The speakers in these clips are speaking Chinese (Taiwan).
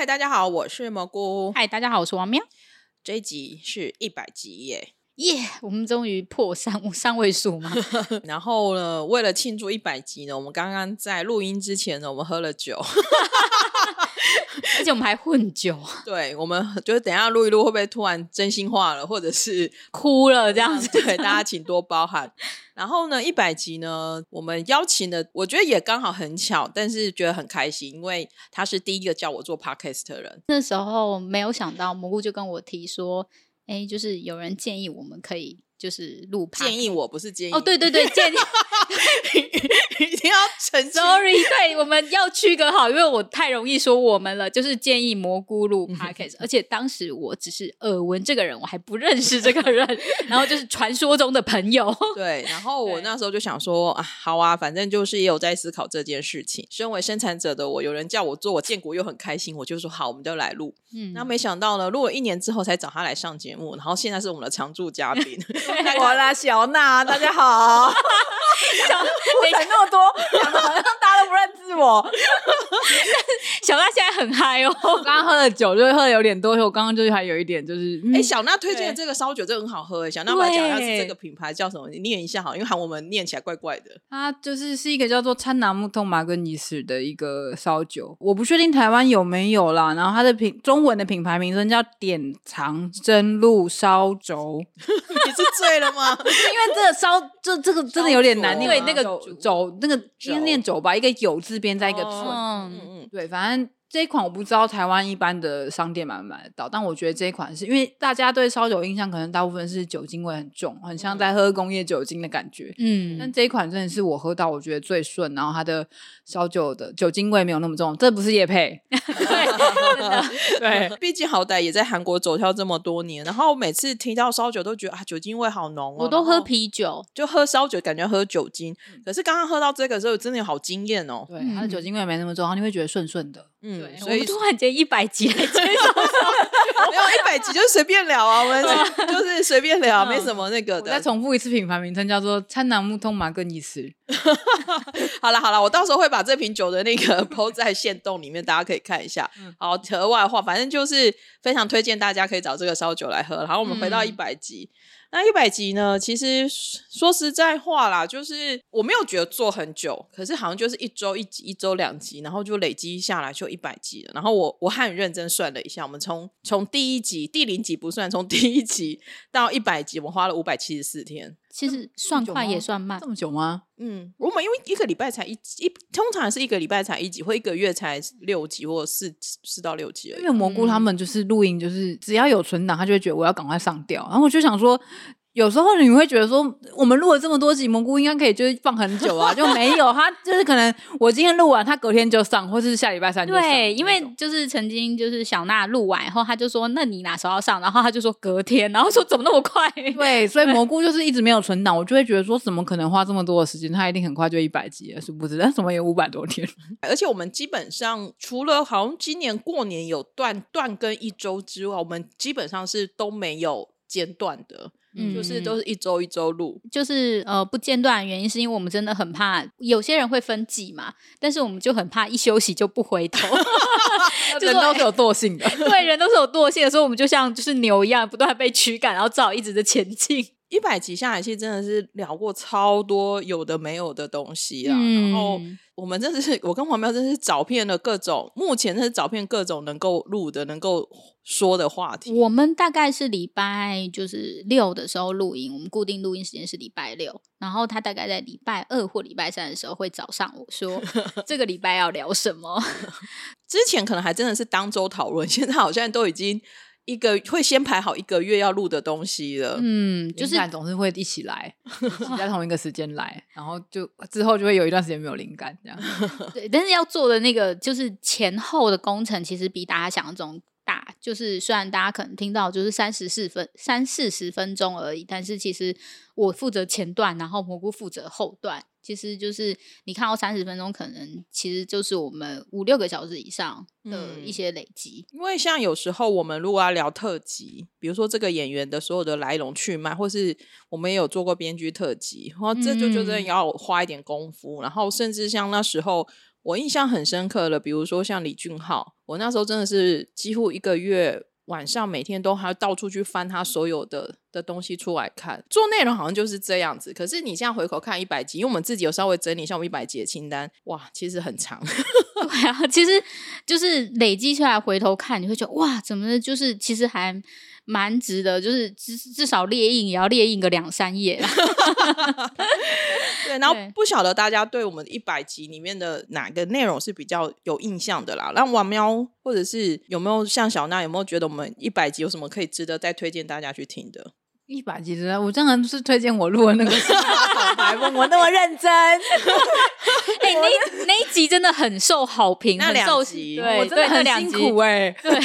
嗨，hey，大家好，我是蘑菇。嗨，大家好，我是王喵。這一集是一百集耶耶，yeah, 我們終於破三三位數嘛。 然後呢，為了慶祝一百集呢，我們剛剛在錄音之前呢，我們喝了酒。 而且我們還混酒， 對，我們就是等一下錄一錄，會不會突然真心話了，或者是哭了這樣子？ 對，大家請多包涵。然後呢，一百集呢，我們邀請的我覺得也剛好很巧，但是覺得很開心，因為他是第一個叫我做 Podcast 的人。那時候沒有想到，蘑菇就跟我提說，哎、欸，就是有人建議我們可以。就是錄拍建議我，我不是建議哦，對對對，建議一定 要澄清 Sorry，對，我們要區隔好，因為我太容易說我們了。就是建議蘑菇錄拍、嗯。o 而且當時我只是耳聞這個人，我還不認識這個人， 然後就是傳說中的朋友。對，然後我那時候就想說啊，好啊，反正就是也有在思考這件事情。身為生產者的我，有人叫我做，我建國又很開心，我就說好，我們就來錄、嗯。那沒想到呢，錄了一年之後才找他來上節目，然後現在是我們的常駐嘉賓。 看看 hey, 我啦，小娜，大家好。 小，娜，講那麼多， 好像大家都不認識我。小娜現在很嗨哦，剛 剛喝了酒，就喝了有點多，我剛剛就是還有一點，就是哎、嗯欸，小娜推薦的這個燒酒，這個很好喝、欸。小娜，我來講一下是這個品牌叫什麼？你念一下好了，因為喊我們念起來怪怪的。它就是是一個叫做餐拿木通馬格尼斯的一個燒酒，我不確定台灣有沒有啦。然後它的品中文的品牌名稱叫典藏真露燒酒， 對了嗎？因為這個燒，這 這個真的有點難，因為那個軸，那個應該念軸吧，一個“有”字邊，再一個寸，哦、嗯嗯，對，反正。這一款我不知道台灣一般的商店買不買得到，但我覺得這一款是因為大家對燒酒印象可能大部分是酒精味很重，很像在喝工業酒精的感覺。嗯，但這一款真的是我喝到我覺得最順，然後它的燒酒的酒精味沒有那麼重。這不是業配、啊 啊，對，畢竟好歹也在韓國走跳這麼多年，然後我每次提到燒酒都覺得啊，酒精味好濃哦、喔。我都喝啤酒，就喝燒酒，感覺喝酒精。可是剛剛喝到這個時候，真的有好驚艷哦。對，它的酒精味沒那麼重，然後你會覺得順順的。嗯對，所以我突然間一百集來接受 沒有一百集就隨便聊啊， 我們就是隨便聊， 沒什麼那個的。再重複一次品牌名稱，叫做參南木通馬更尼斯。 好啦好啦，我到時候會把這瓶酒的那個 PO 在限動裡面， 大家可以看一下。好，額外的話，反正就是非常推薦大家可以找這個燒酒來喝。然後我們回到一百集。嗯那一百集呢？其實說實在話啦，就是我沒有覺得做很久，可是好像就是一周一集，一周兩集，然後就累積下來就一百集了。然後我我很認真算了一下，我們從從第一集第零集不算，從第一集到一百集，我們花了五百七十四天。其實算快也算慢。這，這麼久嗎？嗯，我們因為一個禮拜才一一，通常是一個禮拜才一集，或一個月才六集或四四到六集。因為蘑菇他們就是錄音，就是、嗯、只要有存檔，他就會覺得我要趕快上吊。然後我就想說。有時候你會覺得說，我們錄了這麼多集，蘑菇應該可以就是放很久啊，就沒有 他就是可能我今天錄完，他隔天就上，或者是下禮拜三就上。對，因為就是曾經就是小那錄完以後，他就說那你哪時候要上？然後他就說隔天，然後說怎麼那麼快？對，所以蘑菇就是一直沒有存檔， 我就會覺得說，怎麼可能花這麼多的時間？他一定很快就一百集是不止，但怎麼也五百多天。而且我們基本上除了好像今年過年有斷斷更一周之外，我們基本上是都沒有間斷的。就是都是一周一周錄，就是、就是一週一週就是、呃不間斷的原因是因為我們真的很怕有些人會分季嘛，但是我們就很怕一休息就不回頭。 就人都是有惰性的， 對，人都是有惰性的，所以我們就像就是牛一樣，不斷被驅趕，然後只好一直在前進。一百集下來其實真的是聊過超多有的沒有的東西啊。嗯、然後我們真的是我跟王喵真的是找遍了各種，目前真是找遍各種能夠錄的、能夠說的話題。我們大概是禮拜就是六的時候錄音，我們固定錄音時間是禮拜六，然後他大概在禮拜二或禮拜三的時候會找上我說 這個禮拜要聊什麼。之前可能還真的是當周討論，現在好像都已經。一個會先排好一個月要錄的東西了，嗯，就是，靈感總是會一起來， 在同一個時間來，然後就之後就會有一段時間沒有靈感，這樣。 對，但是要做的那個就是前後的工程，其實比大家想像中大。就是雖然大家可能聽到就是三十四分、三四十分鐘而已，但是其實我負責前段，然後蘑菇負責後段。其實就是你看到三十分鐘，可能其實就是我們五六個小時以上的一些累積，嗯。因為像有時候我們如果要聊特輯，比如說這個演員的所有的來龍去脈，或是我們也有做過編劇特輯，然後這就真的要花一點功夫，嗯。然後甚至像那時候，我印象很深刻的，比如說像李俊昊，我那時候真的是幾乎一個月。晚上每天都還要到處去翻他所有的的東西出來看，做內容好像就是這樣子。可是你現在回頭看一百集，因為我們自己有稍微整理一下我們一百集的清單，哇，其實很長。對 其實就是累積出來回頭看，你會覺得哇，怎麼的？就是其實還。蠻值得，就是至至少列印也要列印個兩三頁。 對，然後不曉得大家對我們一百集裡面的哪個內容是比較有印象的啦？讓王喵或者是有沒有像小娜有沒有覺得我們一百集有什麼可以值得再推薦大家去聽的？一百集的，我真的是推薦我錄的那個小訪，問 我那麼認真。哎、 欸，那那一集真的很受好評，那兩集對我真的很辛苦哎。對。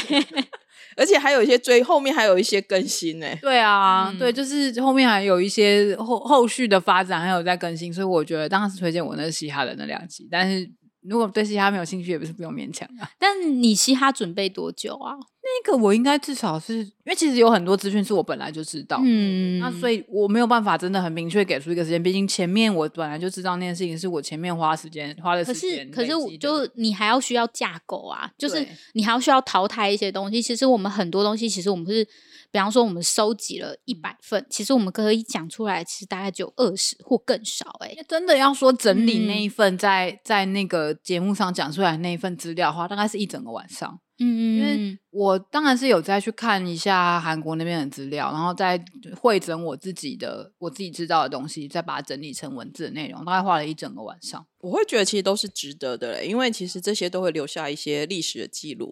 而且還有一些追，後面還有一些更新呢、欸。對啊、嗯，對，就是後面還有一些後後續的發展，還有在更新，所以我覺得當時推薦我那嘻哈的那兩集，但是。如果對嘻哈沒有興趣，也不是不用勉強啊。但你嘻哈準備多久啊？那個我應該至少是因為其實有很多資訊是我本來就知道的，嗯，那所以我沒有辦法真的很明確給出一個時間。畢竟前面我本來就知道那件事情，是我前面花時間花的時間。可是可是我，就你還要需要架構啊，就是你還要需要淘汰一些東西。其實我們很多東西，其實我們是。比方說，我們收集了一百份、嗯，其實我們可以講出來，其實大概就二十或更少、欸。哎，真的要說整理那一份在，在、嗯、在那個節目上講出來那一份資料的話，大概是一整個晚上。嗯嗯。因為。我當然是有再去看一下韓國那邊的資料，然後再彙整我自己的、我自己知道的東西，再把它整理成文字的內容。大概畫了一整個晚上。我會覺得其實都是值得的嘞，因為其實這些都會留下一些歷史的記錄。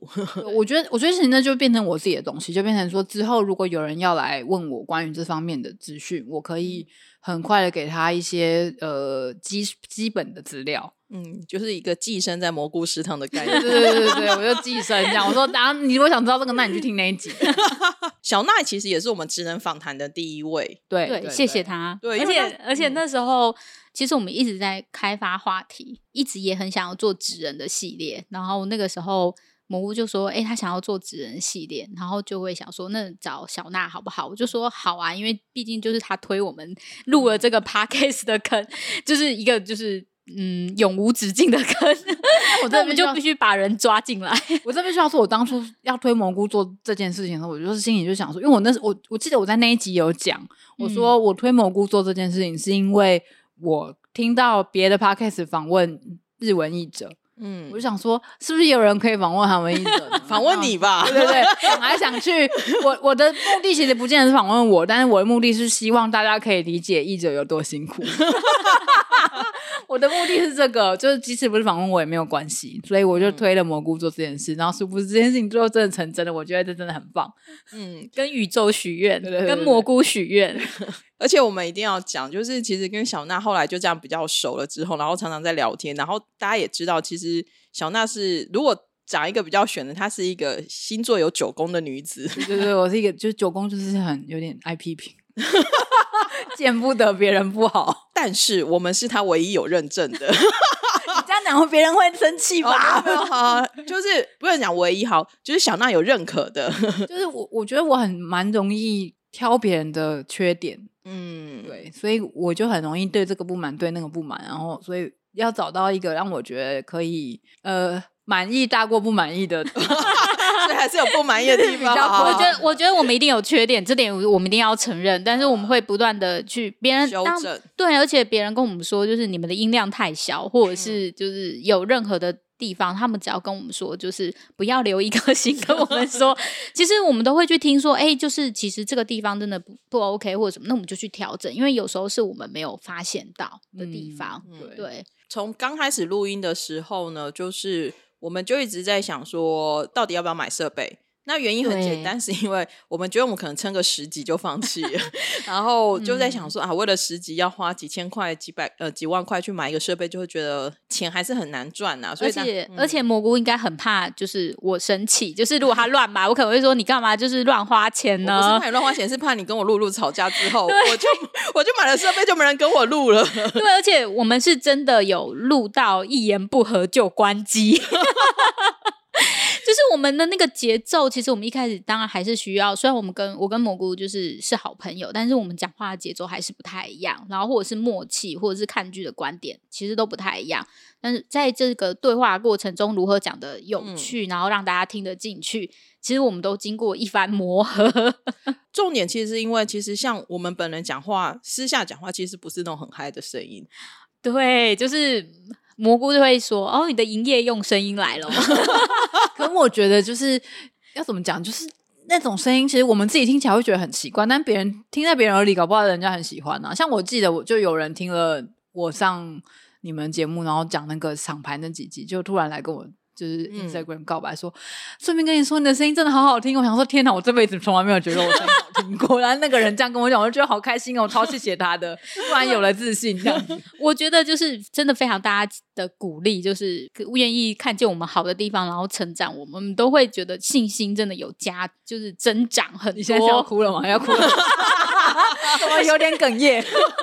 我覺得，我覺得事情就變成我自己的東西，就變成說之後如果有人要來問我關於這方面的資訊，我可以很快的給他一些呃基基本的資料。嗯，就是一個寄生在蘑菇食堂的概念。對對對，我就寄生這樣。我說，然、啊、後你我。想知道這個，那你去聽那一集。 小娜其實也是我們職人訪談的第一位，對對，對對，謝謝他。對，而且、嗯、而且那時候，其實我們一直在開發話題，一直也很想要做職人的系列。然後那個時候，蘑菇就說：“哎、欸，他想要做職人系列。”然後就會想說：“那找小娜好不好？”我就說：“好啊，因為畢竟就是他推我們入了這個 Podcast 的坑，就是一個就是。”嗯，永無止境的坑， 我這邊我們就必須把人抓進來。我這邊需要說，我當初要推蘑菇做這件事情的時候，我就是心裡就想說，因為我那時我我記得我在那一集有講，我說我推蘑菇做這件事情，是因為我聽到別的 podcast 訪問日文譯者。嗯，我就想說，是不是有人可以訪問他們譯者？訪 問你吧，對不對，對？想來想去，我我的目的其實不見得是訪問我，但是我的目的是希望大家可以理解譯者有多辛苦。 我的目的是這個，就是即使不是訪問我也沒有關係，所以我就推了蘑菇做這件事。嗯、然後殊不知這件事情最後真的成真的？我覺得這真的很棒。嗯，跟宇宙許願，跟蘑菇許願。 而且我們一定要講，就是其實跟小娜後來就這樣比較熟了之後，然後常常在聊天，然後大家也知道，其實小娜是如果講一個比較選的，她是一個星座有九宮的女子。對對，對，我是一個，就是九宮就是很有點愛批評， 見不得別人不好。 但是我們是她唯一有認證的。 你這樣講，別人會生氣吧？okay, 好、啊？就是不能講唯一好，就是小娜有認可的。就是我，我覺得我很蠻容易挑別人的缺點。嗯，對，所以我就很容易對這個不滿，對那個不滿，然後所以要找到一個讓我覺得可以呃滿意大過不滿意的 所以還是有不滿意的地方。 我覺得，我覺得我們一定有缺點， 這點我們一定要承認，但是我們會不斷的去別人糾正，對，而且別人跟我們說，就是你們的音量太小，或者是就是有任何的。地方，他們只要跟我們說，就是不要留一顆心。跟我們說， 其實我們都會去聽說，哎、欸，就是其實這個地方真的不不 OK，或者什麼，那我們就去調整。因為有時候是我們沒有發現到的地方。嗯、對，從剛開始錄音的時候呢，就是我們就一直在想說，到底要不要買設備？那原因很簡單，是因為我們覺得我們可能撐個十集就放棄了， 然後就在想說、嗯、啊，為了十集要花幾千塊、幾百呃幾萬塊去買一個設備，就會覺得錢還是很難賺吶、啊。所以而且、嗯、而且蘑菇應該很怕就是我生氣，就是如果他亂買，我可能會說你幹嘛就是亂花錢呢？不是怕你亂花錢，是怕你跟我露露吵架之後，我就我就買了設備就沒人跟我錄了。對，而且我們是真的有錄到一言不合就關機。 就是我們的那個節奏，其實我們一開始當然還是需要，雖然我們跟我跟蘑菇就是是好朋友，但是我們講話的節奏還是不太一樣，然後或者是默契，或者是看劇的觀點，其實都不太一樣。但是在這個對話過程中，如何講得有趣，嗯，然後讓大家聽得進去，其實我們都經過一番磨合。重點其實是因為，其實像我們本人講話，私下講話其實不是那種很嗨的聲音，對，就是。蘑菇就會說：“哦，你的營業用聲音來了。 ”可我覺得就是要怎麼講，就是那種聲音，其實我們自己聽起來會覺得很奇怪，但別人聽在別人耳裡，搞不好人家很喜歡啊。像我記得，我就有人聽了我上你們節目，然後講那個廠牌那幾集，就突然來跟我。就是 Instagram 告白說，順、嗯、便跟你說，你的聲音真的好好聽。我想說，天吶，我這輩子從來沒有覺得我聲音好聽過。果然，那個人這樣跟我講，我就覺得好開心哦，我超謝謝他的，突 然有了自信。這樣， 我覺得就是真的非常大家的鼓勵，就是願意看見我們好的地方，然後成長我，我們都會覺得信心真的有加，就是增長很多。你現在是要哭了嗎？要哭了 我有點哽咽。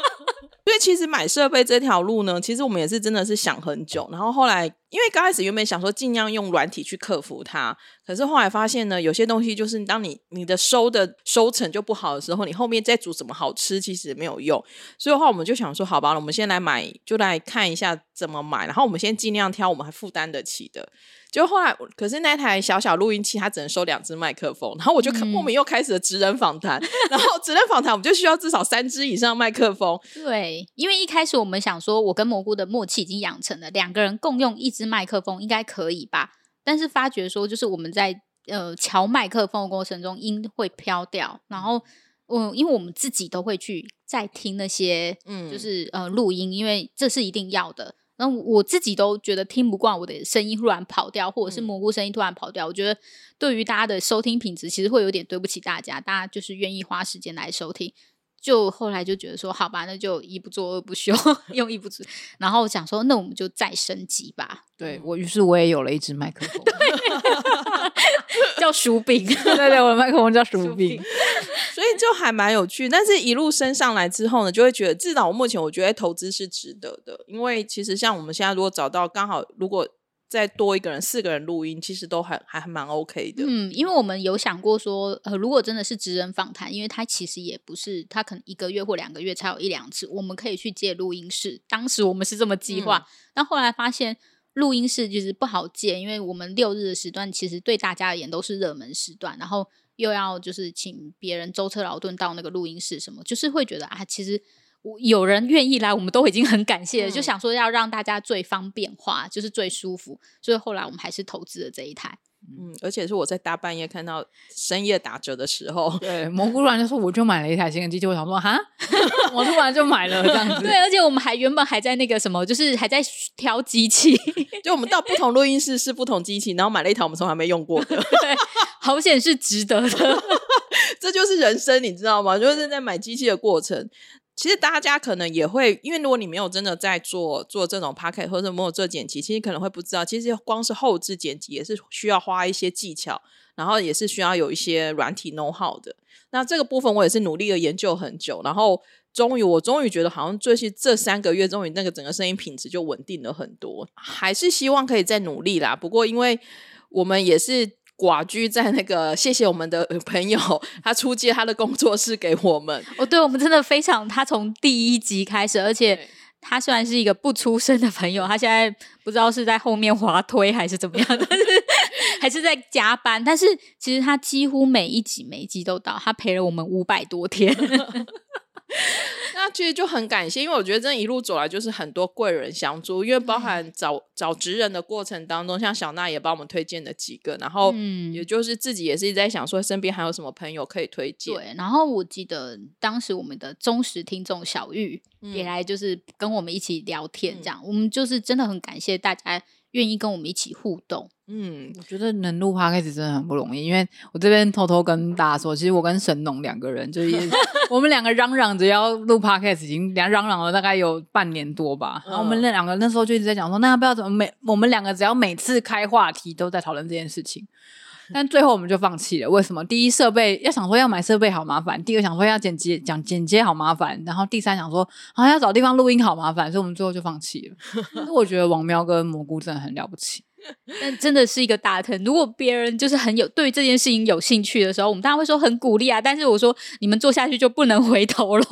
所以其實買設備這條路呢，其實我們也是真的是想很久，然後後來因為剛開始原本想說盡量用軟體去克服它，可是後來發現呢，有些東西就是當你你的收的收成就不好的時候，你後面再煮什麼好吃其實沒有用，所以的話我們就想說，好吧，我們先來買，就來看一下。怎麼買？然後我們先盡量挑我們還負擔得起的。就後來，可是那台小小錄音器它只能收兩只麥克風，然後我就、嗯、莫名又開始了職人訪談。 然後職人訪談我們就需要至少三支以上麥克風。對，因為一開始我們想說，我跟蘑菇的默契已經養成了，兩個人共用一支麥克風應該可以吧？但是發覺說，就是我們在呃調麥克風的過程中音會飄掉。然後我、呃、因為我們自己都會去再聽那些，嗯，就是呃錄音，因為這是一定要的。那我自己都覺得聽不慣我的聲音突然跑掉，或者是蘑菇聲音突然跑掉，嗯、我覺得對於大家的收聽品質，其實會有點對不起大家，大家就是願意花時間來收聽。就後來就覺得說，好吧，那就一不做二不休，用一不做，然後我想說，那我們就再升級吧。對我，於是我也有了一支麥克風， 叫薯餅。對對對，我的麥克風叫薯餅，所以就還蠻有趣。但是一路升上來之後呢，就會覺得至少我目前，我覺得投資是值得的，因為其實像我們現在如果找到剛好，如果。再多一個人，四個人錄音，其實都還還蠻 OK 的。嗯，因為我們有想過說，呃，如果真的是職人訪談，因為他其實也不是，他可能一個月或兩個月才有一兩次，我們可以去借錄音室。當時我們是這麼計劃，嗯，但後來發現錄音室就是不好借，因為我們六日的時段其實對大家而言都是熱門時段，然後又要就是請別人舟車勞頓到那個錄音室，什麼就是會覺得啊，其實。有人願意來，我們都已經很感謝了，嗯。就想說要讓大家最方便化，就是最舒服。所以後來我們還是投資了這一台。嗯，而且是我在大半夜看到深夜打折的時候，對蘑菇突然就說我就買了一台新的機器。我想說，哈， 我突然就買了這樣子。 對，而且我們還原本還在那個什麼，就是還在挑機器。 就我們到不同錄音室試不同機器，然後買了一台我們從來沒用過的， 對好險是值得的。 這就是人生，你知道嗎？就是在買機器的過程。其實大家可能也會，因為如果你沒有真的在做做這種 podcast 或者沒有做剪輯，其實可能會不知道。其實光是後置剪輯也是需要花一些技巧，然後也是需要有一些軟體 know how 的。那這個部分我也是努力的研究很久，然後終於我終於覺得好像最近這三個月，終於那個整個聲音品質就穩定了很多。還是希望可以再努力啦，不過因為我們也是。寡居在那個，謝謝我們的朋友，他出借他的工作室給我們。哦，對，我們真的非常，他從第一集開始，而且他雖然是一個不出聲的朋友，他現在不知道是在後面滑推還是怎麼樣， 但是還是在加班。但是其實他幾乎每一集每一集都到，他陪了我們五百多天。 那其實就很感謝，因為我覺得這一路走來就是很多貴人相助，因為包含找找職人的過程當中，像小娜也幫我們推薦了幾個，然後也就是自己也是一直在想說身邊還有什麼朋友可以推薦。對，然後我記得當時我們的忠實聽眾小玉也來就是跟我們一起聊天，這樣、嗯、我們就是真的很感謝大家願意跟我們一起互動。嗯，我覺得能錄 podcast 真的很不容易，因為我這邊偷偷跟大家說，其實我跟神農兩個人就，就 是我們兩個嚷嚷着要錄 podcast，已經連嚷嚷了大概有半年多吧、嗯。然後我們那兩個那時候就一直在講說，那要不要怎麼每我們兩個只要每次開話題都在討論這件事情，但最後我們就放棄了。為什麼？第一，設備要想說要買設備好麻煩；第二，想說要剪輯，講剪接好麻煩；然後第三想說好像、啊、要找地方錄音好麻煩，所以我們最後就放棄了。但是我覺得王喵跟蘑菇真的很了不起。 但真的是一個大坑。如果別人就是很有對這件事情有興趣的時候，我們大家會說很鼓勵啊。但是我說你們做下去就不能回頭了。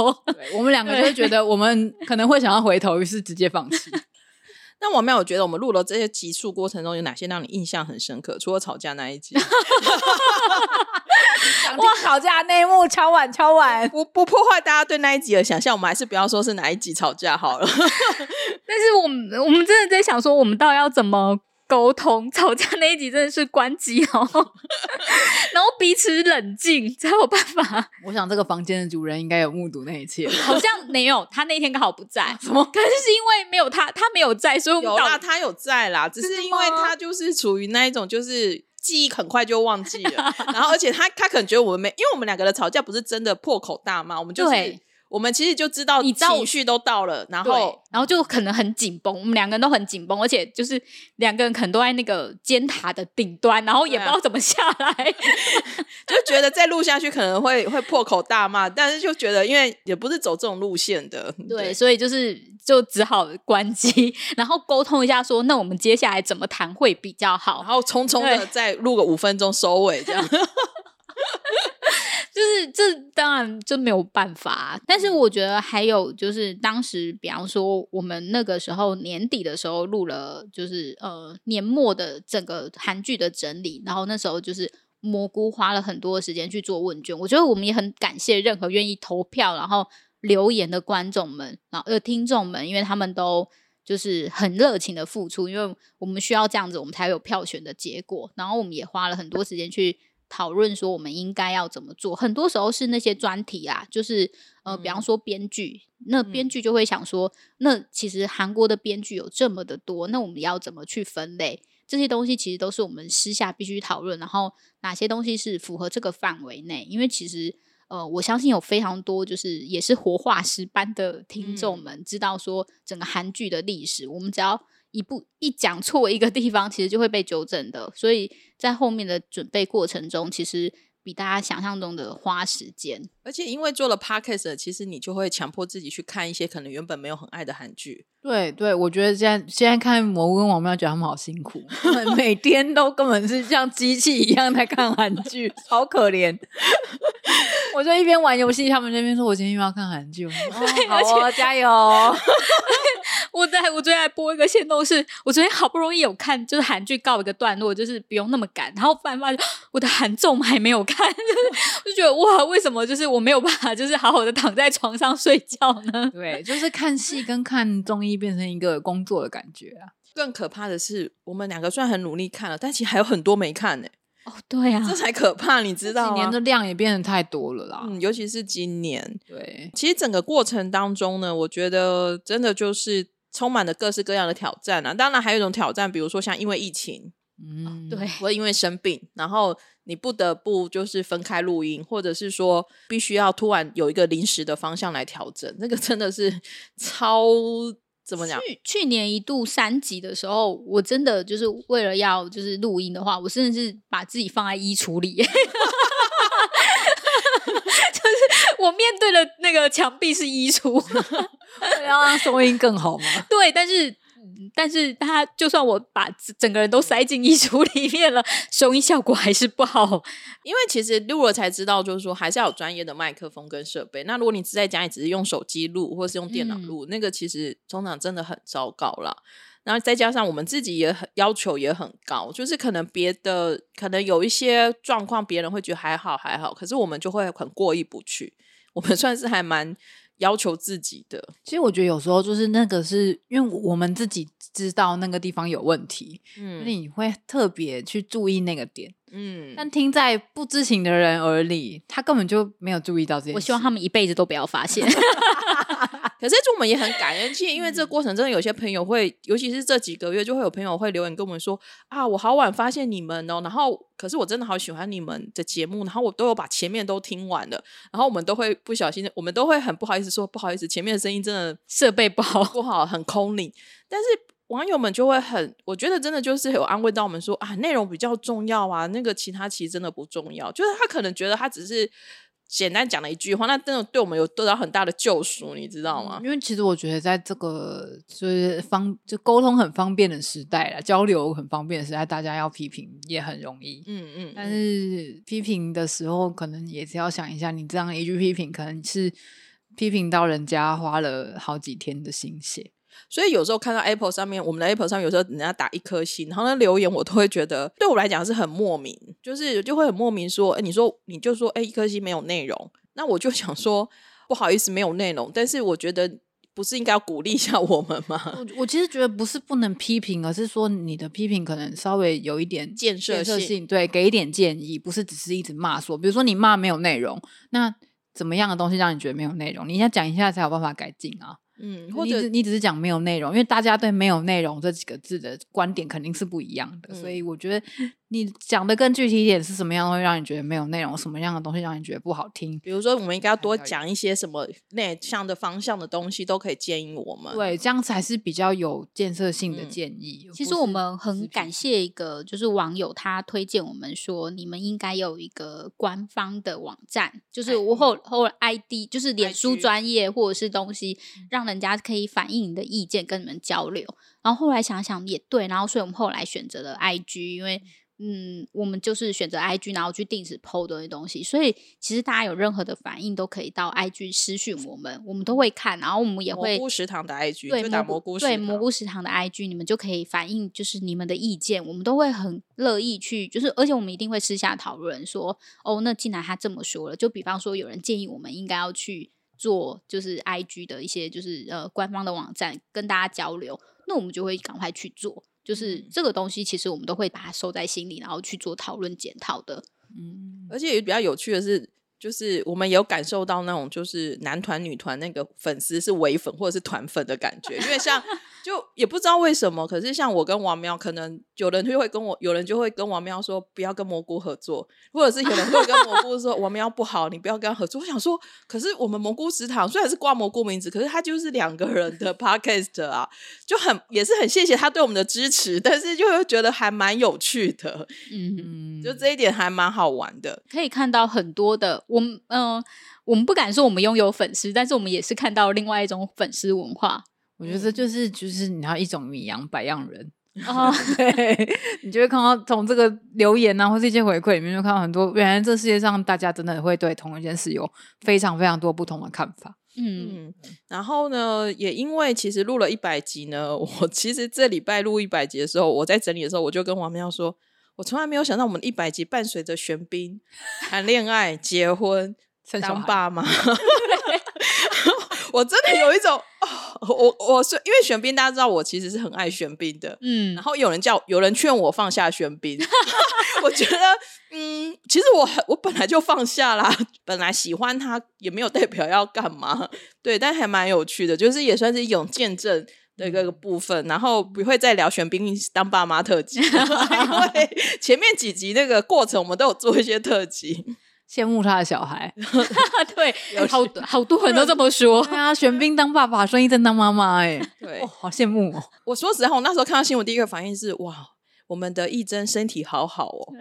我們兩個就會覺得我們可能會想要回頭，於是直接放棄。那王喵，我沒有覺得我們錄了這些集數過程中，有哪些讓你印象很深刻？除了吵架那一集，哇， 吵架內 幕，敲碗、敲碗，不不破壞大家對那一集的想象，我們還是不要說是哪一集吵架好了。 但是我們我們真的在想說，我們到底要怎麼？溝通吵架那一集真的是關機哦、喔， 然後彼此冷靜才有辦法。我想這個房間的主人應該有目睹那一切， 好像沒有，他那天剛好不在。什麼？可能是因為沒有他，他沒有在，所以我們到有啦、啊，他有在啦，只是因為他就是處於那一種，就是記憶很快就忘記了。 然後，而且他他可能覺得我們沒，因為我們兩個的吵架不是真的破口大罵，我們就是。我們其實就知道你情緒都到了，然後然後就可能很緊繃，我們兩個人都很緊繃，而且就是兩個人可能都在那個尖塔的頂端，然後也不知道怎麼下來，啊、 就覺得再錄下去可能會會破口大罵，但是就覺得因為也不是走這種路線的，對，對，所以就是就只好關機，然後溝通一下說，那我們接下來怎麼談會比較好，然後匆匆的再錄個五分鐘收尾這樣。 就是這當然就沒有辦法啊，但是我覺得還有就是當時，比方說我們那個時候年底的時候錄了，就是呃年末的整個韓劇的整理，然後那時候就是蘑菇花了很多的時間去做問卷，我覺得我們也很感謝任何願意投票然後留言的觀眾們然後呃聽眾們，因為他們都就是很熱情的付出，因為我們需要這樣子，我們才有票選的結果，然後我們也花了很多時間去。討論說我們應該要怎麼做，很多時候是那些專題啊，就是呃，比方說編劇，嗯、那編劇就會想說、嗯，那其實韓國的編劇有這麼的多，那我們要怎麼去分類？這些東西其實都是我們私下必須討論，然後哪些東西是符合這個範圍內？因為其實呃，我相信有非常多就是也是活化石般的聽眾們知道說整個韓劇的歷史，嗯、我們只要……一不一講錯一個地方，其實就會被糾正的。所以在後面的準備過程中，其實比大家想象中的花時間。而且因為做了 podcast，其實你就會強迫自己去看一些可能原本沒有很愛的韓劇。對對，我覺得現在現在看蘑菇跟王喵，覺得他們好辛苦， 每天都根本是像機器一樣在看韓劇，好 可憐。 我就一邊玩遊戲，他們那邊說：“我今天又要看韓劇。”我說：“哦，好啊，加油！ 我在我最愛播一個線動，是我昨天好不容易有看，就是韓劇告一個段落，就是不用那麼趕。然後范范我的韓綜還沒有看，我、就是、就覺得哇，為什麼就是我沒有辦法，就是好好的躺在床上睡覺呢？對，就是看戲跟看綜藝。變成一個工作的感覺啊。更可怕的是，我們兩個雖然很努力看了，但其實還有很多沒看呢、欸。哦，對啊，這才可怕，你知道？今、哦、今年的量也變得太多了啦。嗯，尤其是今年。對，其實整個過程當中呢，我覺得真的就是充滿了各式各樣的挑戰啊。當然，還有一種挑戰，比如說像因為疫情，嗯，對，因為生病，然後你不得不就是分開錄音，或者是說必須要突然有一個臨時的方向來調整，那、這個真的是超。怎麼講？去去年一度三集的時候，我真的就是為了要就是錄音的話，我甚至是把自己放在衣櫥裡， 就是我面對的那個牆壁是衣櫥，我 要讓收音更好嘛？ 對，但是。但是他就算我把整個人都塞進衣櫥裡面了，收音效果還是不好。因為其實錄了才知道，就是說還是要有專業的麥克風跟設備。那如果你在家裡只是用手機錄，或是用電腦錄，嗯，那個其實通常真的很糟糕啦。然後再加上我們自己也很要求也很高，就是可能別的可能有一些狀況，別人會覺得還好還好，可是我們就會很過意不去。我們算是還蠻。要求自己的，其實我覺得有時候就是那個是，因為我們自己知道那個地方有問題，嗯，所以你會特別去注意那個點。嗯，但聽在不知情的人耳裡，他根本就沒有注意到這些。我希望他們一輩子都不要發現。 可是，就我們也很感恩，其實因為這個過程真的有些朋友會，尤其是這幾個月，就會有朋友會留言跟我們說：“啊，我好晚發現你們哦，喔，然後可是我真的好喜歡你們的節目，然後我都有把前面都聽完了。”然後我們都會不小心，我們都會很不好意思說：“不好意思，前面的聲音真的設備不好，不好，很空靈。”但是。網友們就會很，我覺得真的就是有安慰到我們說啊，內容比較重要啊，那個其他其實真的不重要。就是他可能覺得他只是簡單講了一句話，那真的對我們有得到很大的救贖，你知道嗎？因為其實我覺得在這個就是方就溝通很方便的時代啦，交流很方便的時代，大家要批評也很容易。嗯嗯。但是批評的時候，可能也是要想一下，你這樣一句批評，可能是批評到人家花了好幾天的心血。所以有時候看到 Apple 上面，我們的 Apple 上面有時候人家打一顆星，然後那留言我都會覺得，對我來講是很莫名，就是就會很莫名說，哎、欸，你說你就說，哎、欸，一顆星沒有內容，那我就想說不好意思沒有內容，但是我覺得不是應該要鼓勵一下我們嗎？我我其實覺得不是不能批評，而是說你的批評可能稍微有一點建設性，對，給一點建議，不是只是一直罵說，比如說你罵沒有內容，那怎麼樣的東西讓你覺得沒有內容？你應該講一下才有辦法改進啊。嗯，或者你只，你只是講沒有內容，因為大家對“沒有內容”這幾個字的觀點肯定是不一樣的，嗯，所以我覺得。你講的更具體一點是什麼樣會讓你覺得沒有內容？什麼樣的東西讓你覺得不好聽？比如說，我們應該要多講一些什麼內向的方向的東西，都可以建議我們。對，這樣子還是比較有建設性的建議。嗯，其實我們很感謝一個就是網友，他推薦我們說你們應該有一個官方的網站，就是我後後 I D 就是臉書專頁或者是東西，讓人家可以反映你的意見跟你們交流。然後後來想想也對，然後所以我們後來選擇了 I G，因為。嗯，我們就是選擇 IG，然後去定時 PO 的那東西。所以其實大家有任何的反應，都可以到 IG 私訊我們，我們都會看。然後我們也會蘑菇食堂的 IG 對，蘑對,蘑菇,對蘑菇食堂的 IG，你們就可以反映就是你們的意見，我們都會很樂意去。就是而且我們一定會私下討論說，哦，那既然他這麼說了，就比方說有人建議我們應該要去做，就是 IG 的一些就是呃官方的網站跟大家交流，那我們就會趕快去做。就是這個東西，其實我們都會把它收在心裡，然後去做討論檢討的。嗯，而且也比較有趣的是。就是我們有感受到那種，就是男團女團那個粉絲是唯粉或者是團粉的感覺，因為像就也不知道為什麼，可是像我跟王喵，可能有人就會跟我，有人就會跟王喵說不要跟蘑菇合作，或者是有人會跟蘑菇說 王喵不好，你不要跟他合作。我想說，可是我們蘑菇食堂雖然是掛蘑菇名字，可是他就是兩個人的 podcast 啊，就很也是很謝謝他對我們的支持，但是又覺得還蠻有趣的，嗯，就這一點還蠻好玩的，嗯、可以看到很多的。我們嗯、呃，我們不敢說我們擁有粉絲，但是我們也是看到另外一種粉絲文化。我覺得這就是、嗯、就是你要一種米養百樣人啊，哦、 對，你就會看到從這個留言啊，或是一些回饋裡面，就看到很多原來這世界上大家真的會對同一件事有非常非常多不同的看法嗯。嗯，然後呢，也因為其實錄了一百集呢，我其實這禮拜錄一百集的時候，我在整理的時候，我就跟王喵說。我從來沒有想到，我們一百集伴隨着玄彬談戀愛、結婚、當爸媽， 我真的有一種，哦，我我是因為玄彬，大家知道我其實是很愛玄彬的，嗯。然後有人叫，有人勸我放下玄彬， 我覺得，嗯，其實我我本來就放下啦，本來喜歡他也沒有代表要幹嘛，對，但還蠻有趣的，就是也算是一種見證。的這個部分，然後不會再聊玄彬當爸媽特輯， 因為前面幾集那個過程我們都有做一些特輯，羨 慕他的小孩， 對，有欸、好好多人都這麼說啊，玄彬當爸爸，孫、啊、藝珍當媽媽，哎，對，哦、好羨慕哦。我說實話，我那時候看到新聞，第一個反應是哇，我們的藝珍身體好好哦，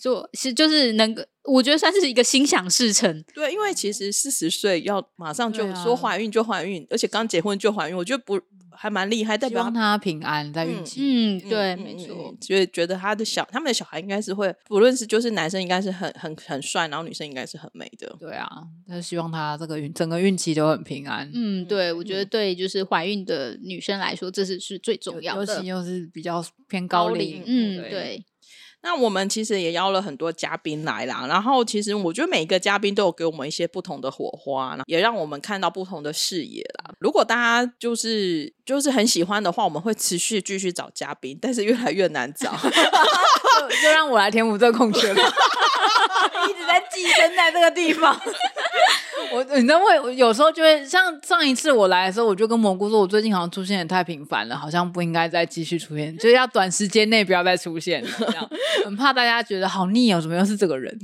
做 是就是能夠，我覺得算是一個心想事成。對，因為其實四十歲要馬上就說懷孕就懷孕、啊，而且剛結婚就懷孕，我覺得不。還蠻厲害，代表他，希望他平安在孕期，嗯嗯。嗯，對，嗯、沒錯，覺得覺得他的小他們的小孩應該是會，不論是就是男生應該是很很很帥，然後女生應該是很美的。對啊，那希望他這個整個孕期都很平安。嗯，對，我覺得對就是懷孕的女生來說，嗯、這是是最重要的，尤其又是比較偏高齡。嗯，對。對那我們其實也邀了很多嘉賓來啦，然後其實我覺得每一個嘉賓都有給我們一些不同的火花，也讓我們看到不同的視野啦。如果大家就是就是很喜歡的話，我們會持續繼續找嘉賓，但是越來越難找。 就，就讓我來填補這個空缺吧， 一直在寄生在這個地方。 我，你知道，有時候就會像上一次我來的時候，我就跟蘑菇說，我最近好像出現得太頻繁了，好像不應該再繼續出現，就是要短時間內不要再出現 這樣，很怕大家覺得好膩喔，怎麼又是這個人？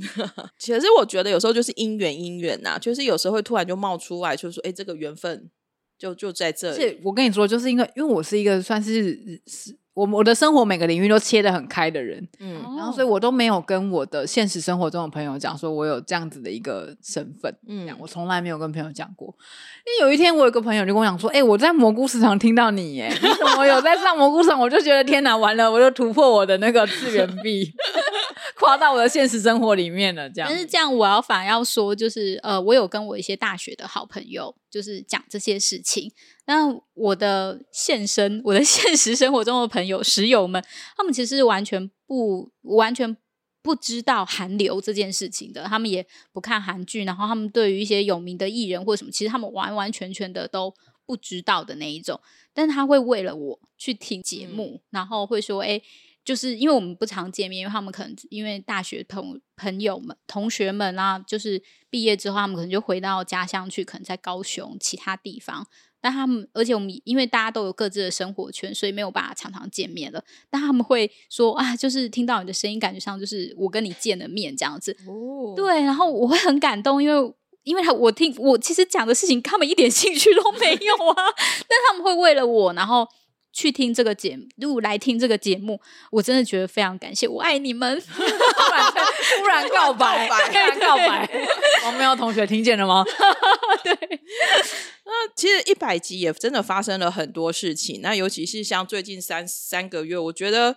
其實我覺得有時候就是因緣因緣啊，就是有時候會突然就冒出來，就說，欸，這個緣分就就在這裡。我跟你說，就是因為因為我是一個算是是。我我的生活每個領域都切得很開的人，嗯，然後所以我都沒有跟我的現實生活中的朋友講，說我有這樣子的一個身份，嗯，我從來沒有跟朋友講過。因為有一天我有個朋友就跟我講說，哎、欸，我在蘑菇食堂聽到你。欸，哎，我有在上蘑菇上？ 我就覺得天哪，完了，我就突破我的那個次元壁，跨 到我的現實生活裡面了。這樣，但是這樣我要反而要說，就是呃，我有跟我一些大學的好朋友，就是講這些事情。但我的現身，我的現實生活中的朋友、室友們，他們其實是完全不完全不知道韓流這件事情的，他們也不看韓劇，然後他們對於一些有名的藝人或什麼，其實他們完完全全的都不知道的那一種。但是他會為了我去聽節目，然後會說：“哎、欸，就是因為我們不常見面，因為他們可能因為大學同朋友們、同學們啊，就是畢業之後，他們可能就回到家鄉去，可能在高雄其他地方。”但他們，而且我們因為大家都有各自的生活圈，所以沒有辦法常常見面了。但他們會說啊，就是聽到你的聲音，感覺上就是我跟你見了面這樣子。哦。對，然後我會很感動，因為因為他我聽我其實講的事情，他們一點興趣都沒有啊。 但他們會為了我，然後。去聽這個節目，如果來聽這個節目，我真的覺得非常感謝，我愛你們！ 突然突然， 突然告白，突然告白，對對對，王喵同學 聽見了嗎？ 對、呃，其實一百集也真的發生了很多事情，那尤其是像最近三三個月，我覺得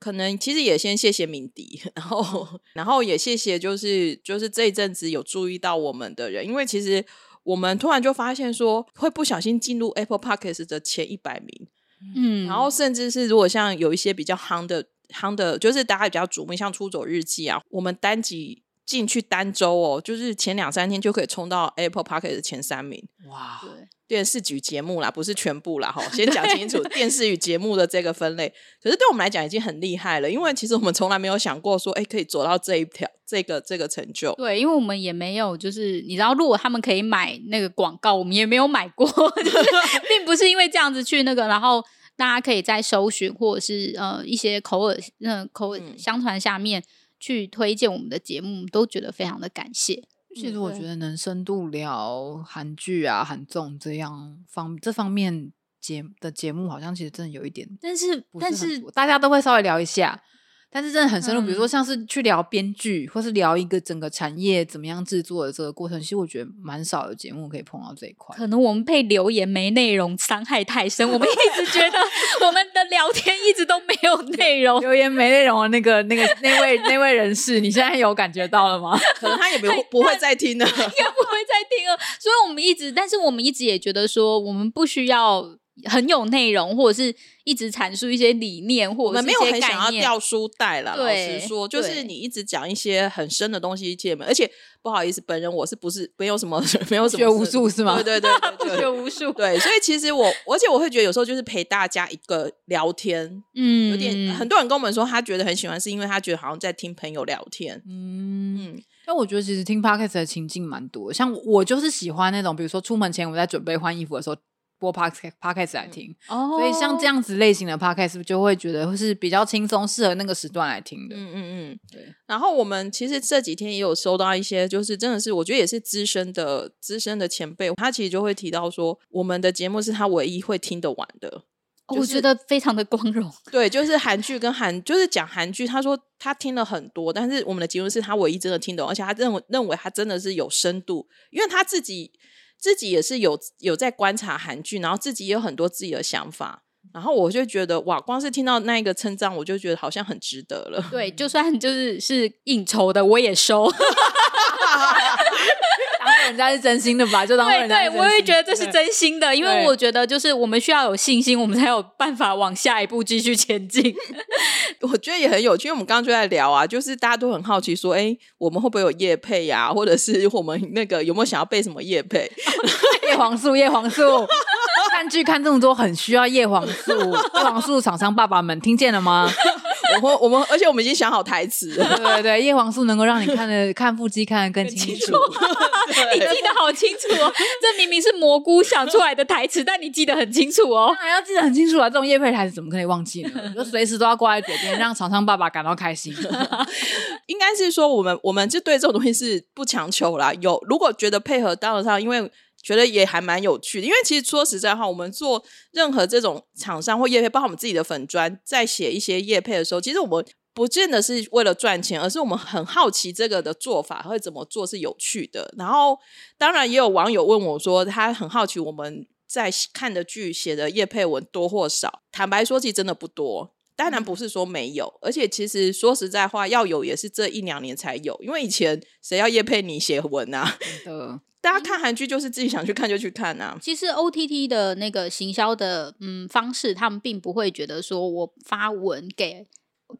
可能其實也先謝謝敏迪，然後然後也謝謝就是就是這一陣子有注意到我們的人，因為其實我們突然就發現說會不小心進入 Apple Podcast 的前一百名。嗯，然後甚至是如果像有一些比較夯的、夯的，就是大家也比較矚目，像《出走日記》啊，我們單集進去單周哦，就是前兩三天就可以衝到 Apple Podcast 的前三名，哇！對電視劇節目啦，不是全部啦，齁，先講清楚電視與節目的這個分類。可是對我們來講已經很厲害了，因為其實我們從來沒有想過說，哎，可以走到這一條，這個這個成就。對，因為我們也沒有，就是你知道，如果他們可以買那個廣告，我們也沒有買過，就是、 並不是因為這樣子去那個，然後大家可以在搜尋或者是呃一些口耳那個、口耳相傳下面、嗯、去推薦我們的節目，都覺得非常的感謝。其實我覺得能深度聊韓劇啊、Okay. 韓綜這樣方這方面節的節目，好像其實真的有一點，但是，是但是大家都會稍微聊一下。嗯但是真的很深入，比如說像是去聊編劇、嗯，或是聊一個整個產業怎麼樣制作的這個過程，其實我覺得蠻少有節目可以碰到這一塊。可能我們被留言沒內容傷害太深，我們一直覺得我們的聊天一直都沒有內容。 留言沒內容啊、那個，那個那個那位那位人士，你現在有感覺到了嗎？可能他也不不會再聽了，應該不會再聽了。所以我們一直，但是我們一直也覺得說，我們不需要。很有內容，或者是一直闡述一些理念，或者是沒有很想要掉書袋了。老實說，就是你一直講一些很深的東西，而且不好意思，本人我是不是沒有什麼，沒有學無術是嗎？對對對，對，對， 不學無術。對，所以其實我，而且我會覺得有時候就是陪大家一個聊天，嗯，有點很多人跟我們說他覺得很喜歡，是因為他覺得好像在聽朋友聊天，嗯，嗯，但我覺得其實聽 Podcast 的情境蠻多，像我就是喜歡那種，比如說出門前我在準備換衣服的時候。播 podcast podcast 來聽，嗯哦，所以像這樣子類型的 podcast 是不是就會覺得是比較輕鬆，適合那個時段來聽的？嗯嗯嗯，對。然後我們其實這幾天也有收到一些，就是真的是我覺得也是資深的、資深的前輩，他其實就會提到說，我們的節目是他唯一會聽得完的。哦，就是，我覺得非常的光榮。對，就是韓劇跟韓，就是講韓劇。他說他聽了很多，但是我們的節目是他唯一真的聽得懂，而且他認為認為他真的是有深度，因為他自己。自己也是有有在觀察韓劇，然後自己也有很多自己的想法。然後我就覺得哇，光是聽到那一個稱讚，我就覺得好像很值得了。對，就算就是是應酬的，我也收。 當人家是真心的吧，就當對，對我也覺得這是真心的，因為我覺得就是我們需要有信心，我們才有辦法往下一步繼續前進。 我覺得也很有趣，因為我們剛剛就在聊啊，就是大家都很好奇說，哎、欸，我們會不會有業配呀、啊？或者是我們那個有沒有想要背什麼業配？葉黃素，葉黃素。 看劇看這麼多，很需要葉黃素。 葉黃素廠商爸爸們，聽見了嗎？ 我我們，而且我們已經想好台詞了。對對對，葉黃素能夠讓你看的看腹肌看得更清楚， 清楚。 你記得好清楚哦！這明明是蘑菇想出來的台詞， 但你記得很清楚哦。當、啊、然要記得很清楚啊，這種業配台詞怎麼可以忘記呢？ 就隨時都要掛在嘴邊，讓廠商爸爸感到開心。 應該是說，我們我們就對這種東西是不強求啦。有如果覺得配合到的話，因為。覺得也還蠻有趣的，因為其實說實在話，我們做任何這種廠商或業配，包括我們自己的粉磚，在寫一些業配的時候，其實我們不見得是為了賺錢，而是我們很好奇這個的做法會怎麼做是有趣的。然後，當然也有網友問我說，他很好奇我們在看的劇寫的業配文多或少。坦白說，其實真的不多。當然不是說沒有，而且其實說實在話，要有也是這一兩年才有，因為以前誰要業配你寫文啊？大家看韓劇就是自己想去看就去看吶、啊。其實 OTT 的那個行銷的嗯方式，他們並不會覺得說我發文給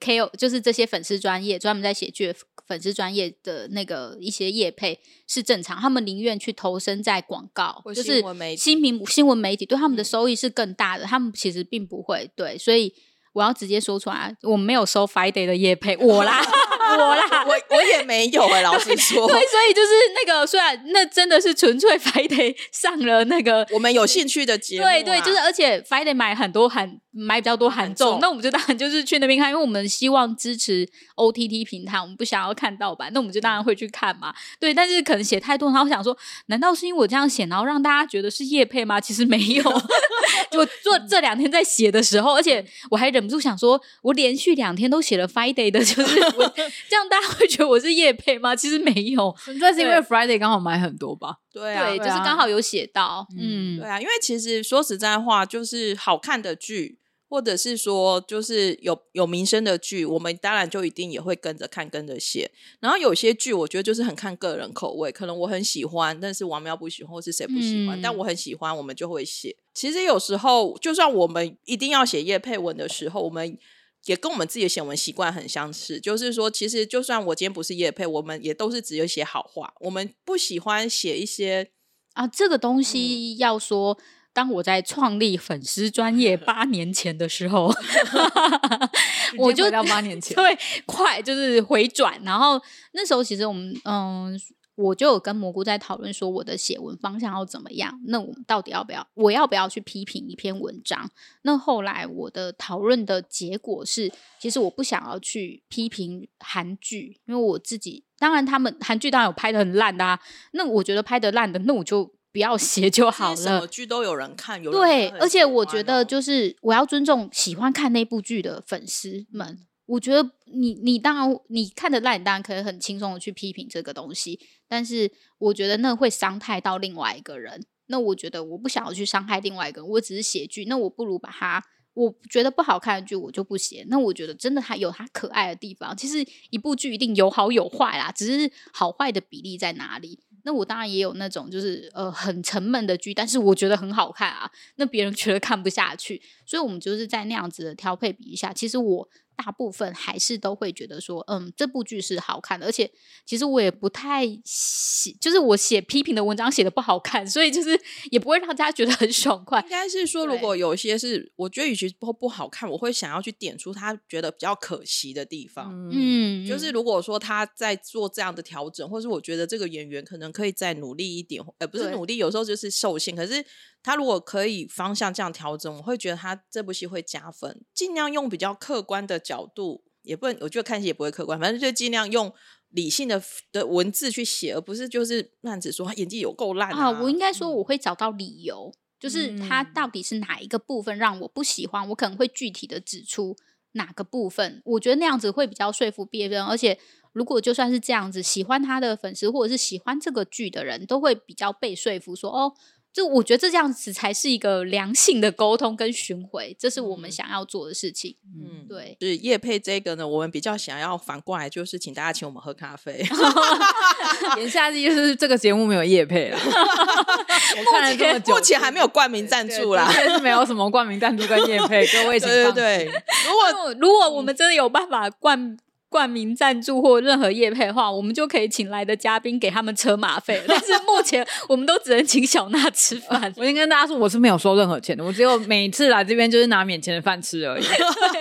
KO，就是這些粉絲專業專門、就是、在寫劇粉絲專業的那個一些業配是正常，他們寧願去投身在廣告，就是新媒新新聞媒體對他們的收益是更大的，嗯、他們其實並不會對，所以。我要直接說出來、啊，我沒有收 Friday 的業配，我啦， 我啦，我我也沒有哎、欸，老實說 對，對，所以就是那個，雖然那真的是純粹 Friday 上了那個，我們有興趣的節目、啊，對對，就是而且 Friday 買很多韓買比較多韓綜，那我們就當然就是去那邊看，因為我們希望支持 OTT 平台，我們不想要看盜版，那我們就當然會去看嘛。對，但是可能寫太多，然後想說，難道是因為我這樣寫，然後讓大家覺得是業配嗎？其實沒有， 就做這兩天在寫的時候，而且我還忍。我就想說，我連續兩天都寫了 Friday 的，就是我 這樣，大家會覺得我是業配嗎？其實沒有，那是因為 Friday 剛好買很多吧？對啊，對，就是剛好有寫到，啊，嗯，對啊，因為其實說實在話，就是好看的劇。或者是說，就是有有名聲的劇，我們當然就一定也會跟着看，跟着寫。然後有些劇，我覺得就是很看個人口味，可能我很喜歡，但是王喵不喜歡，或是誰不喜歡、嗯，但我很喜歡，我們就會寫。其實有時候，就算我們一定要寫業配文的時候，我們也跟我們自己的寫文習慣很相似，就是說，其實就算我今天不是業配，我們也都是只有寫好話，我們不喜歡寫一些啊，這個東西要說。嗯當我在創立粉絲專頁八年前的時候 我就八年前對快就是回轉，然後那時候其實我們嗯，我就有跟蘑菇在討論說我的寫文方向要怎麼樣。那我們到底要不要？我要不要去批評一篇文章？那後來我的討論的結果是，其實我不想要去批評韓劇，因為我自己當然他們韓劇當然有拍得很爛的啊。那我覺得拍得爛的，那我就。不要寫就好了。什麼劇都有人看，對有、哦，而且我覺得就是我要尊重喜歡看那部劇的粉絲們。我覺得你你當然你看的爛，你當然可以很輕鬆的去批評這個東西，但是我覺得那會傷害到另外一個人。那我覺得我不想要去傷害另外一個人，我只是寫劇，那我不如把它，我覺得不好看的劇我就不寫。那我覺得真的還有它可愛的地方。其實一部劇一定有好有壞啦，只是好壞的比例在哪裡。那我當然也有那種就是呃很沉悶的劇，但是我覺得很好看啊。那別人覺得看不下去，所以我們就是在那樣子的調配比一下。其實我。大部分還是都會覺得說，嗯，這部劇是好看的，而且其實我也不太喜，就是我寫批評的文章寫的不好看，所以就是也不會讓大家覺得很爽快。應該是說，如果有一些是我覺得與其不不好看，我會想要去點出他覺得比較可惜的地方。嗯，就是如果說他在做這樣的調整，或是我覺得這個演員可能可以再努力一點，呃，不是努力，有時候就是受限。可是他如果可以方向這樣調整，我會覺得他這部戲會加分。儘量用比較客觀的。角度，也不能，我覺得看戲也不會客觀，反正就盡量用理性的的文字去寫，而不是就是那樣子說他演技有夠爛啊，啊。我應該說我會找到理由，嗯，就是他到底是哪一個部分讓我不喜歡，我可能會具體的指出哪個部分。我覺得那樣子會比較說服別人，而且如果就算是這樣子，喜歡他的粉絲或者是喜歡這個劇的人都會比較被說服說，說哦。就我覺得這樣子才是一個良性的溝通跟循環，這是我們想要做的事情。嗯，對。是業配。這個呢，我們比較想要反過來，就是請大家請我們喝咖啡。言 下就是這個節目沒有業配了。 我看了這麼久，目前還沒有冠名贊助啦。還 是沒有什麼冠名贊助跟業配，各位是對對。 如果、嗯、如果我們真的有辦法冠。冠名贊助或任何業配的話，我們就可以請來的嘉賓給他們車馬費。但是目前我們都只能請小娜吃飯。 我先跟大家說，我是沒有收任何錢的，我只有每次來這邊就是拿免錢的飯吃而已。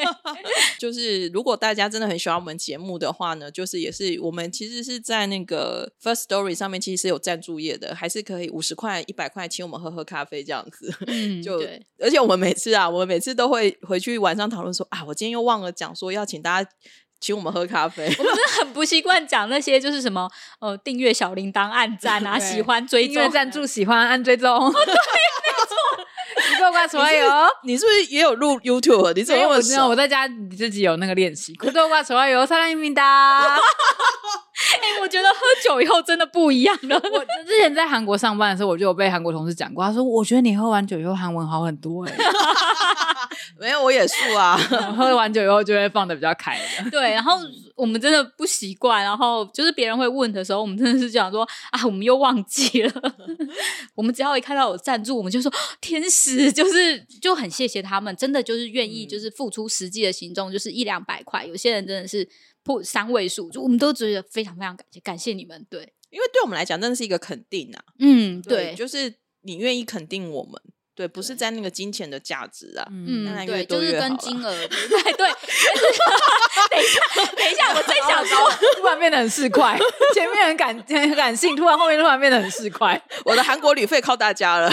就是如果大家真的很喜歡我們節目的話呢，就是也是我們其實是在那個 Firstory 上面，其實是有贊助頁的，還是可以五十塊、一百塊請我們喝喝咖啡這樣子。嗯，對。就，而且我們每次啊，我們每次都會回去晚上討論說啊，我今天又忘了講說要請大家。請我們喝咖啡。我真的很不習慣講那些，就是什麼呃，訂閱小鈴鐺、按讚啊、喜歡追蹤、贊助、喜歡按追蹤。哦、對 你給我掛詞蛙油，你是不是也有錄 YouTube？你怎麼那麼熟？我，我在家你自己有那個練習。你給我掛詞蛙油，擦亮熒 我覺得喝酒以後真的不一樣了。 我之前在韓國上班的時候，我就有被韓國同事講過，他說：“我覺得你喝完酒以後韓文好很多。”哎，沒有，我也是啊。喝完酒以後就會放得比較開。 對，然後我們真的不習慣。然後就是別人會問的時候，我們真的是講說：“啊，我們又忘記了。”我們只要一看到有贊助，我們就說：“天使就是就很謝謝他們，真的就是願意就是付出實際的行動，就是一兩百塊。有些人真的是。”破三位數，我們都覺得非常非常感謝，感謝你們。對，因為對我們來講，真的是一個肯定啊。嗯，對，對，就是你願意肯定我們。對，不是在那個金錢的價值啊越越，嗯，對，就是跟金額的。哎， 對，等一下，等一下，我在想說， 突然變得很市儈， 前面很感很感性，突然後面突然變得很市儈。我的韓國旅費靠大家了，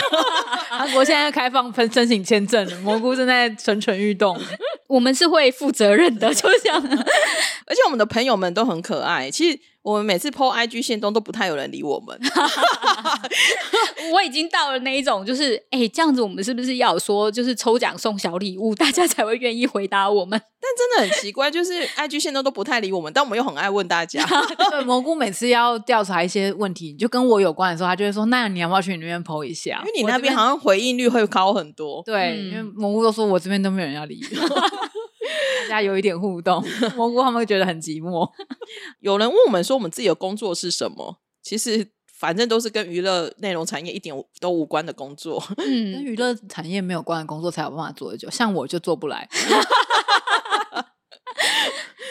韓 國現在開放申申請簽證了，蘑菇正在蠢蠢欲動。 我們是會負責任的，就像、是， 而且我們的朋友們都很可愛。其實。我們每次 PO IG 限動都不太有人理我們， 我已經到了那一種，就是哎、欸，這樣子我們是不是要說就是抽獎送小禮物，大家才會願意回答我們？但真的很奇怪，就是 IG 限動都不太理我們，但我們又很愛問大家。 對蘑菇每次要調查一些問題，就跟我有關的時候，他就會說：“那你要不要去你那邊 PO 一下？因為你那邊好像回應率會高很多。”對，因為蘑菇都說我這邊都沒有人要理。 大家有一點互動，蘑菇他們會覺得很寂寞。 有人問我們說，我們自己的工作是什麼？其實反正都是跟娛樂內容產業一點都無關的工作，嗯，跟娛樂產業沒有關的工作才有辦法做得久，像我就做不來。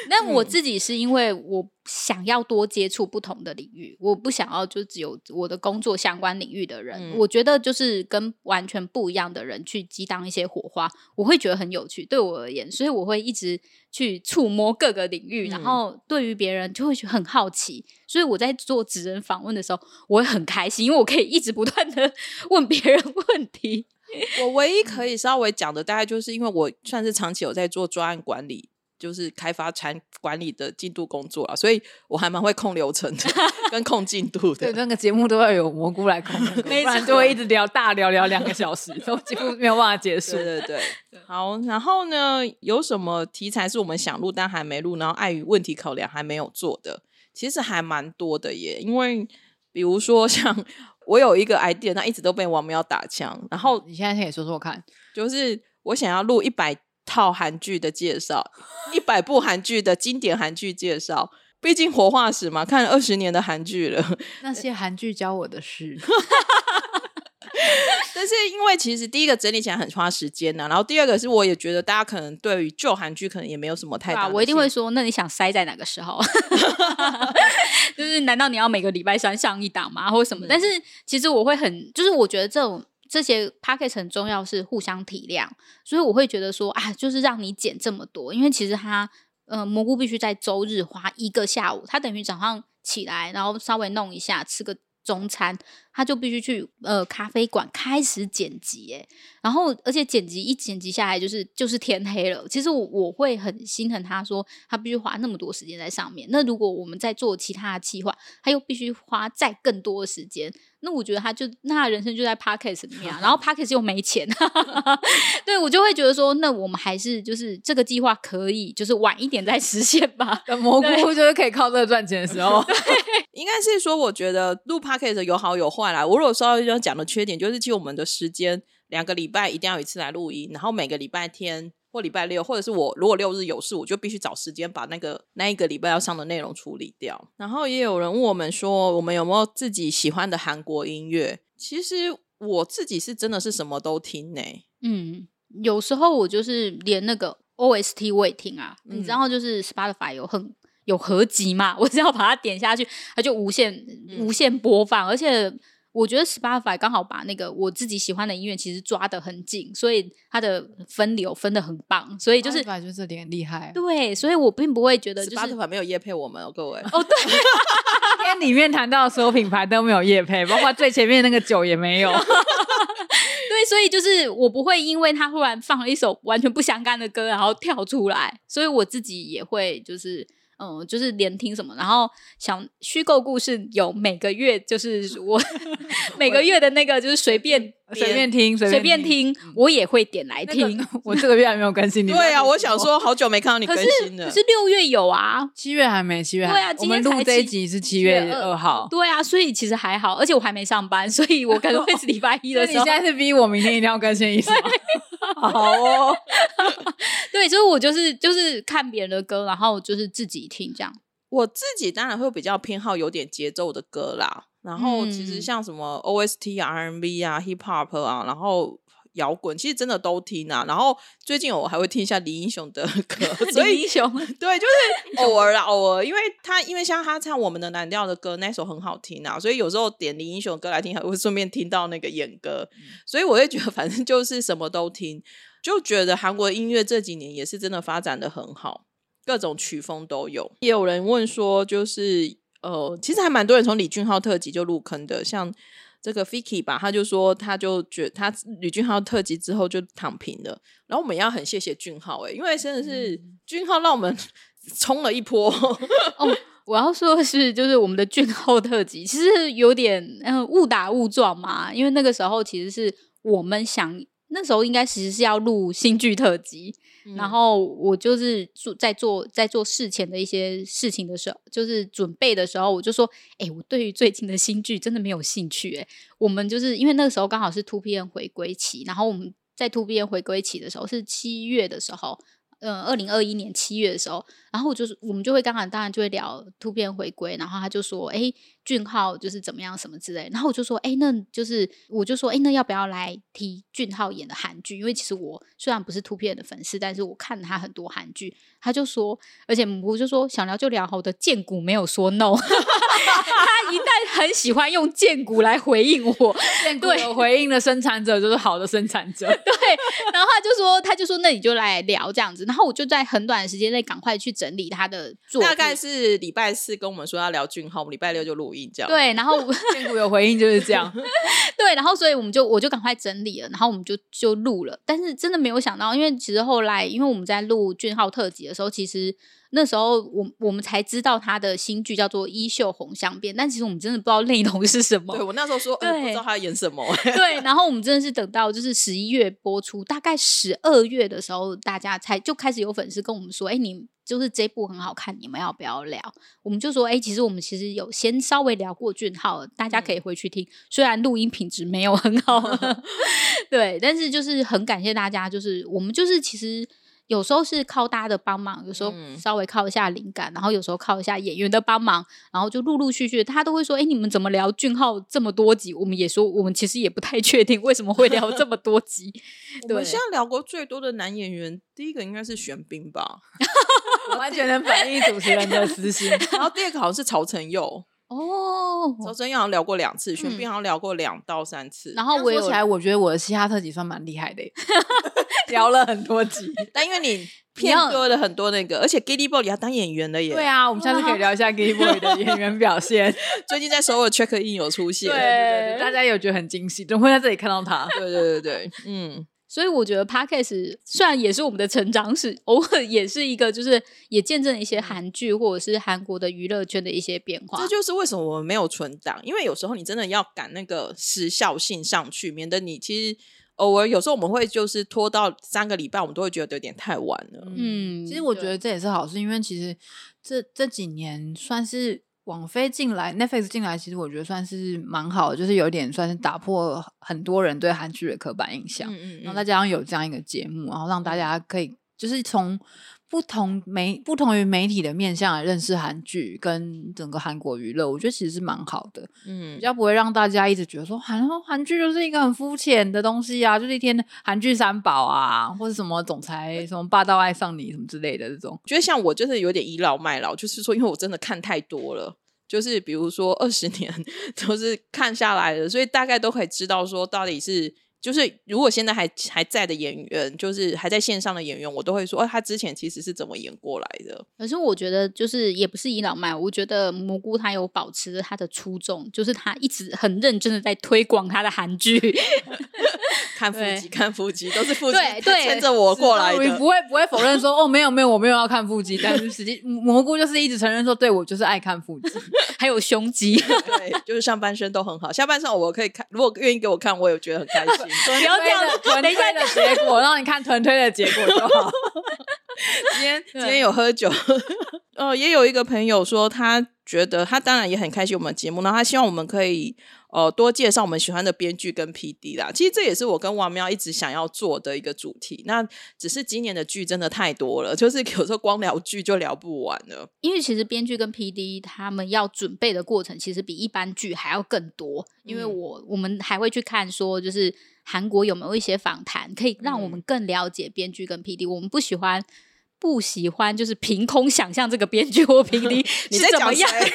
那我自己是因為我想要多接觸不同的領域，嗯，我不想要就只有我的工作相關領域的人。嗯、我覺得就是跟完全不一樣的人去激盪一些火花，我會覺得很有趣。對我而言，所以我會一直去觸摸各個領域。嗯、然後對於別人就會很好奇。所以我在做職人訪問的時候，我會很開心，因為我可以一直不斷的問別人問題。我唯一可以稍微講的，大概就是因為我算是長期有在做專案管理。就是開發產管理的進度工作啊，所以我還蠻會控流程的 跟控進度的。 對，那個節目都要有蘑菇來控，那個，每次都會一直聊大，聊聊兩個小時，都幾乎沒有辦法結束。對對、對， 對，好，然後呢，有什麼題材是我們想錄但還沒錄，然後礙於問題考量還沒有做的，其實還蠻多的耶。因為比如說像我有一個 idea，那一直都被王喵打槍，然後你現在可以說說看，就是我想要錄一百。套韓劇的介紹，一百部韓劇的經典韓劇介紹，畢竟活化石嘛，看了二十年的韓劇了。那些韓劇教我的事。 但是因為其實第一個整理起來很花時間吶、啊，然後第二個是我也覺得大家可能對於舊韓劇可能也沒有什麼太大、啊。我一定會說，那你想塞在哪個時候？ 就是難道你要每個禮拜三上一檔嗎，或什麼、嗯？但是其實我會很，就是我覺得這種。這些 podcast 很重要，是互相體諒，所以我會覺得說啊，就是讓你剪這麼多，因為其實他，呃，蘑菇必須在周日花一個下午，他等於早上起來，然後稍微弄一下，吃個中餐。他就必須去呃咖啡館開始剪輯、欸，然後而且剪輯一剪輯下來就是就是天黑了。其實我我會很心疼他說他必須花那麼多時間在上面。那如果我們在做其他的計劃，他又必須花再更多的時間，那我覺得他就那他人生就在 Podcast 裡面，啊，然後 Podcast 又沒錢， 對我就會覺得說那我們還是就是這個計劃可以就是晚一點再實現吧。蘑菇就是可以靠這個賺錢的時候， 應該是說我覺得錄 Podcast 有好有壞。外來，我如果稍微要講的缺點就是，其實我們的時間兩個禮拜一定要一次來錄音，然後每個禮拜天或禮拜六，或者是我如果六日有事，我就必須找時間把那個那一個禮拜要上的內容處理掉。然後也有人問我們說，我們有沒有自己喜歡的韓國音樂？其實我自己是真的是什麼都聽呢、欸。嗯，有時候我就是連那個 OST 我也聽啊。嗯、你知道，就是 Spotify 有很有合集嘛，我只要把它點下去，它就無限無限播放，而且。我覺得 Spotify 剛好把那個我自己喜歡的音樂其實抓得很緊，所以它的分流分得很棒，所以就是本來本來就是這點厲害。對，所以我並不會覺得、就是、Spotify 沒有業配我們、哦、各位。哦，對， 因為裡面談到的所有品牌都沒有業配，包括最前面那個酒也沒有。 對，所以就是我不會因為他忽然放了一首完全不相干的歌，然後跳出來，所以我自己也會就是。嗯，就是連聽什麼，然後想虛構故事，有每個月就是我每個月的那個，就是隨便。隨便聽，隨便聽、嗯，我也會點來聽。那個、 我這個月還沒有更新你，對啊，我想說好久沒看到你更新了。可是可是六月有啊，七月還沒，七月還沒對啊。今天我們錄這一集是七月，七月二號，對啊，所以其實還好，而且我還沒上班，所以我可能會是禮拜一的時候。你現在是逼我明天一定要更新一下。 好哦， 對，所以我就是就是看別人的歌，然後就是自己聽這樣。我自己當然會比較偏好有點節奏的歌啦。然後其實像什麼 OST R&B 啊、Hip Hop 啊，然後搖滾其實真的都聽啊。然後最近我還會聽一下李英雄的歌，所以英雄 對就是偶爾啊偶爾，因為他因為像他唱《我們的藍調》的歌那首很好聽啊，所以有時候點李英雄的歌來聽，還會順便聽到那個演歌、嗯。所以我會覺得反正就是什麼都聽，就覺得韓國音樂這幾年也是真的發展的很好，各種曲風都有。也有人問說，就是。哦、呃，其實還蠻多人從李俊浩特輯就入坑的，像這個 Fiki 吧，他就說他就覺得他李俊浩特輯之後就躺平了，然後我們也要很謝謝俊浩、欸、因為真的是、嗯、俊浩讓我們衝了一波哦，我要說的是就是我們的俊浩特輯其實有點、呃、誤打誤撞嘛，因為那個時候其實是我們想。那時候應該其實是要錄新劇特輯、嗯，然後我就是做在做在做事前的一些事情的時候，就是準備的時候，我就說，哎、欸，我對於最近的新劇真的沒有興趣、欸，誒我們就是因為那個時候剛好是 2PM 回歸期，然後我們在 2PM 回歸期的時候是七月的時候，嗯、呃，二零二一年七月的時候，然後我就是我們就會剛好當然就會聊 2PM 回歸，然後他就說，哎、欸。俊浩就是怎麼樣什麼之類，然後我就說，哎、欸，那就是我就說，哎、欸，那要不要來提俊浩演的韓劇？因為其實我雖然不是 2PM 的粉絲，但是我看了他很多韓劇。他就說，而且我就說想聊就聊，我的劍股沒有說 no。 他一旦很喜歡用劍股來回應我，劍股，有回應的生產者就是好的生產者。對，然後他就說，他就說那你就來聊這樣子，然後我就在很短的時間內趕快去整理他的作品，大概是禮拜四跟我們說要聊俊浩，我們禮拜六就錄。對，然後千 有回應就是這樣，對，然後所以我們就我就趕快整理了，然後我們就就錄了，但是真的沒有想到，因為其實後來，因為我們在錄俊昊特輯的時候，其實那時候我我們才知道他的新劇叫做《衣袖紅鑲邊》，但其實我們真的不知道內容是什麼。對我那時候說，嗯，不知道他演什麼，對， 對，然後我們真的是等到就是十一月播出，大概十二月的時候，大家才就開始有粉絲跟我們說，哎，你。就是這部很好看，你們要不要聊？我們就說，哎、欸，其實我們其實有先稍微聊過俊浩，大家可以回去聽。嗯、雖然錄音品質沒有很好，嗯、 對，但是就是很感謝大家。就是我們就是其實有時候是靠大家的幫忙，有時候稍微靠一下靈感，然後有時候靠一下演員的幫忙，然後就陸陸續續，他都會說，哎、欸，你們怎麼聊俊浩這麼多集？我們也說，我們其實也不太確定為什麼會聊這麼多集。 對，我們現在聊過最多的男演員，第一個應該是玄彬吧。 我完全能反映主持人的私心。 然後第二個好像是曹承佑哦、oh，曹承佑好像聊過兩次，玄、嗯、彬好像聊過兩到三次。然後我起來，我覺得我的嘻哈特輯算蠻厲害的， 聊了很多集。 但因為你偏多了很多那個，而且 Giriboy 也當演員的耶。對啊，我們下次可以聊一下 Giriboy 的演員表現。 最近在首爾 Check In 有出現，大家有覺得很驚喜，怎會在這裡看到他？對對對對，對對對對對 嗯。所以我覺得 Podcast 雖然也是我們的成長史，偶爾也是一個，就是也見證了一些韓劇或者是韓國的娛樂圈的一些變化。這就是為什麼我們沒有存檔，因為有時候你真的要趕那個時效性上去，免得你其實偶爾有時候我們會就是拖到三個禮拜，我們都會覺得有點太晚了。嗯，其實我覺得這也是好事，因為其實這這幾年算是。網飛進來，Netflix 進來，來其實我覺得算是蠻好的，就是有點算是打破很多人對韓劇的刻板印象，嗯嗯嗯，然後再加上有這樣一個節目，然後讓大家可以就是從。不同媒不同於媒體的面向來認識韓劇跟整個韓國娛樂，我覺得其實是蠻好的，嗯，比較不會讓大家一直覺得說，韓韓劇就是一個很膚淺的東西啊，就是一天韓劇三寶啊，或者什麼總裁、什麼霸道愛上你什麼之類的這種，嗯、覺得像我就是有點倚老賣老，就是說因為我真的看太多了，就是比如說二十年都是看下來的，所以大概都可以知道說到底是。就是如果現在還還在的演員，就是還在線上的演員，我都會說哦，他之前其實是怎麼演過來的。可是我覺得就是也不是倚老賣老，我覺得蘑菇他有保持着他的初衷，就是他一直很認真的在推廣他的韓劇 看腹肌，看腹肌都是腹肌對，對，牽着我過來的，你不會不會否認說哦，沒有沒有我沒有要看腹肌， 但是實際蘑菇就是一直承認說對，我就是愛看腹肌，還有胸肌，對，就是上半身都很好，下半身我可以看，如果願意給我看，我也覺得很開心。 只要講了，等一下的結果，讓你看團推的結果就好。 今天今天有喝酒，哦、 呃，也有一個朋友說，他覺得他當然也很開心我們的節目，然後他希望我們可以呃多介紹我們喜歡的編劇跟 P D 啦。其實這也是我跟王喵一直想要做的一個主題。那只是今年的劇真的太多了，就是有時候光聊劇就聊不完了。因為其實編劇跟 P D 他們要準備的過程，其實比一般劇還要更多。因為我、嗯、我們還會去看說，就是。韓國有沒有一些訪談可以讓我們更了解編劇跟 PD？、嗯、我們不喜歡，不喜歡就是憑空想象這個編劇或 PD，你是怎麼樣？是在講誰？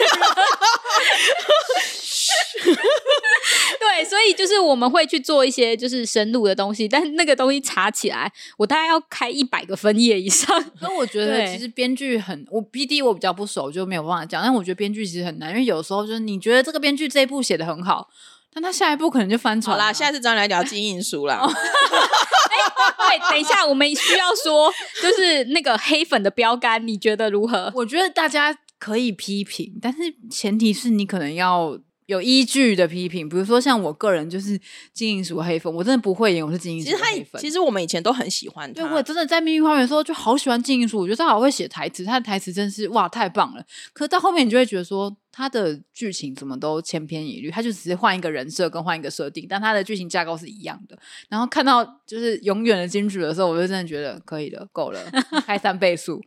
對，所以就是我們會去做一些就是深入的東西，但那個東西查起來，我大概要開一百個分頁以上。那、嗯、我覺得其實編劇很，我 PD 我比較不熟，就沒有辦法講。但我覺得編劇其實很難，因為有時候就是你覺得這個編劇這一部寫得很好。那他下一步可能就翻船了好啦。下次咱倆聊金銀淑啦，哎，對，等一下，我們需要說，就是那個黑粉的標杆，你覺得如何？我覺得大家可以批評，但是前提是你可能要有依據的批評。比如說，像我個人就是金銀淑黑粉，我真的不會演，我是金銀淑黑粉。其實他，其實我們以前都很喜歡他。對，我真的在《秘密花園》的時候就好喜歡金銀淑。我覺得他好會寫台詞，他的台詞真是哇太棒了。可是到後面你就會覺得說。他的劇情怎麼都千篇一律，他就只是換一個人設跟換一個設定，但他的劇情架構是一樣的。然後看到就是永遠的金主的時候，我就真的覺得可以了，夠了，開三倍速。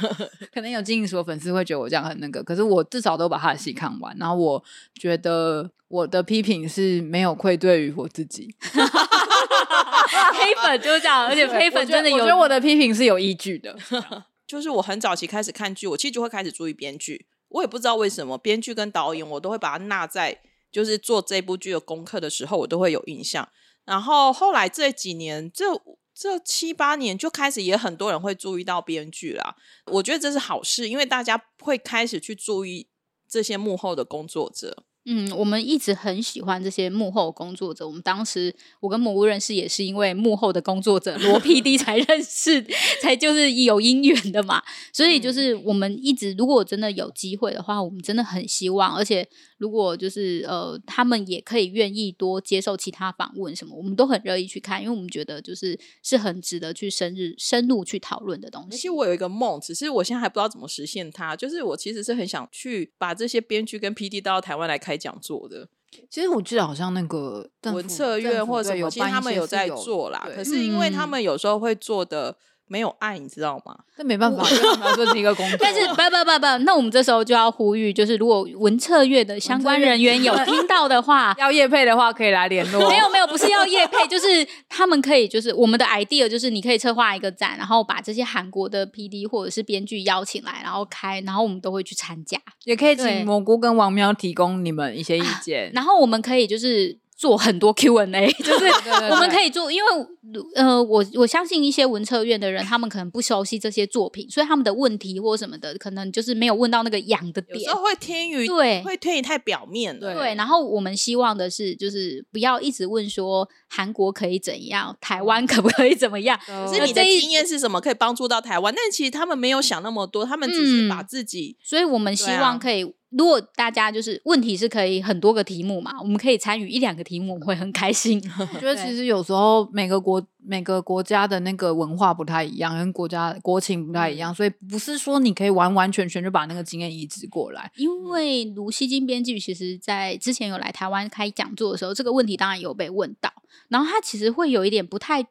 可能有金影所粉絲會覺得我這樣很那個，可是我至少都把他的戲看完，然後我覺得我的批評是沒有愧對於我自己。 黑粉就是這樣，而且黑粉真的有，我覺得我的批評是有依據的。就是我很早期開始看劇，我其實就會開始注意編劇。我也不知道為什麼，編劇跟導演，我都會把它納在，就是做這部劇的功課的時候，我都會有印象。然後後來這幾年，這這七八年就開始也很多人會注意到編劇啦，我覺得這是好事，因為大家會開始去注意這些幕後的工作者。嗯，我們一直很喜歡這些幕後工作者。我們當時我跟蘑菇認識也是因為幕後的工作者羅 PD 才認識， 才就是有姻緣的嘛。所以就是我們一直，如果真的有機會的話，我們真的很希望，而且。如果就是呃，他們也可以願意多接受其他訪問什麼，我們都很樂意去看，因為我們覺得就是是很值得去深入深入去討論的東西。其實我有一個夢，只是我現在還不知道怎麼實現它。就是我其實是很想去把這些編劇跟 PD 帶到台灣來開講座的。其實我記得好像那個文策院或者什麼有有，其實他們有在做啦。可是因為他們有時候會做的。嗯沒有愛，你知道嗎？那沒辦法，這是一個工作。但是不 不不不，那我們這時候就要呼籲，就是如果文策院的相關人員有聽到的話， 要業配的話，可以來聯絡。沒有沒有，不是要業配，就是他們可以，就是我們的 idea 就是你可以策劃一個展，然後把這些韓國的 PD 或者是編劇邀請來，然後開，然後我們都會去參加。也可以請蘑菇跟王喵提供你們一些意見。啊，然後我們可以就是。做很多 Q&A，就是我們可以做，因為呃，我我相信一些文策院的人，他們可能不熟悉這些作品，所以他們的問題或什麼的，可能就是沒有問到那個癢的點，有時候會偏於對，會偏於太表面對，對，對，然後我們希望的是，就是不要一直問說韓國可以怎樣，台灣可不可以怎麼樣？就是你的經驗是什麼可以幫助到台灣？但其實他們沒有想那麼多，他們只是把自己。嗯，所以我們希望可以。如果大家就是問題是可以很多個題目嘛，我們可以參與一兩個題目，我會很開心。我 覺得其實有時候每個國每個國家的那個文化不太一樣，跟國家國情不太一樣，嗯，所以不是說你可以完完全全就把那個經驗移植過來。嗯，因為盧熙京編劇其實，在之前有來台灣開講座的時候，這個問題當然有被問到，然後他其實會有一點不太。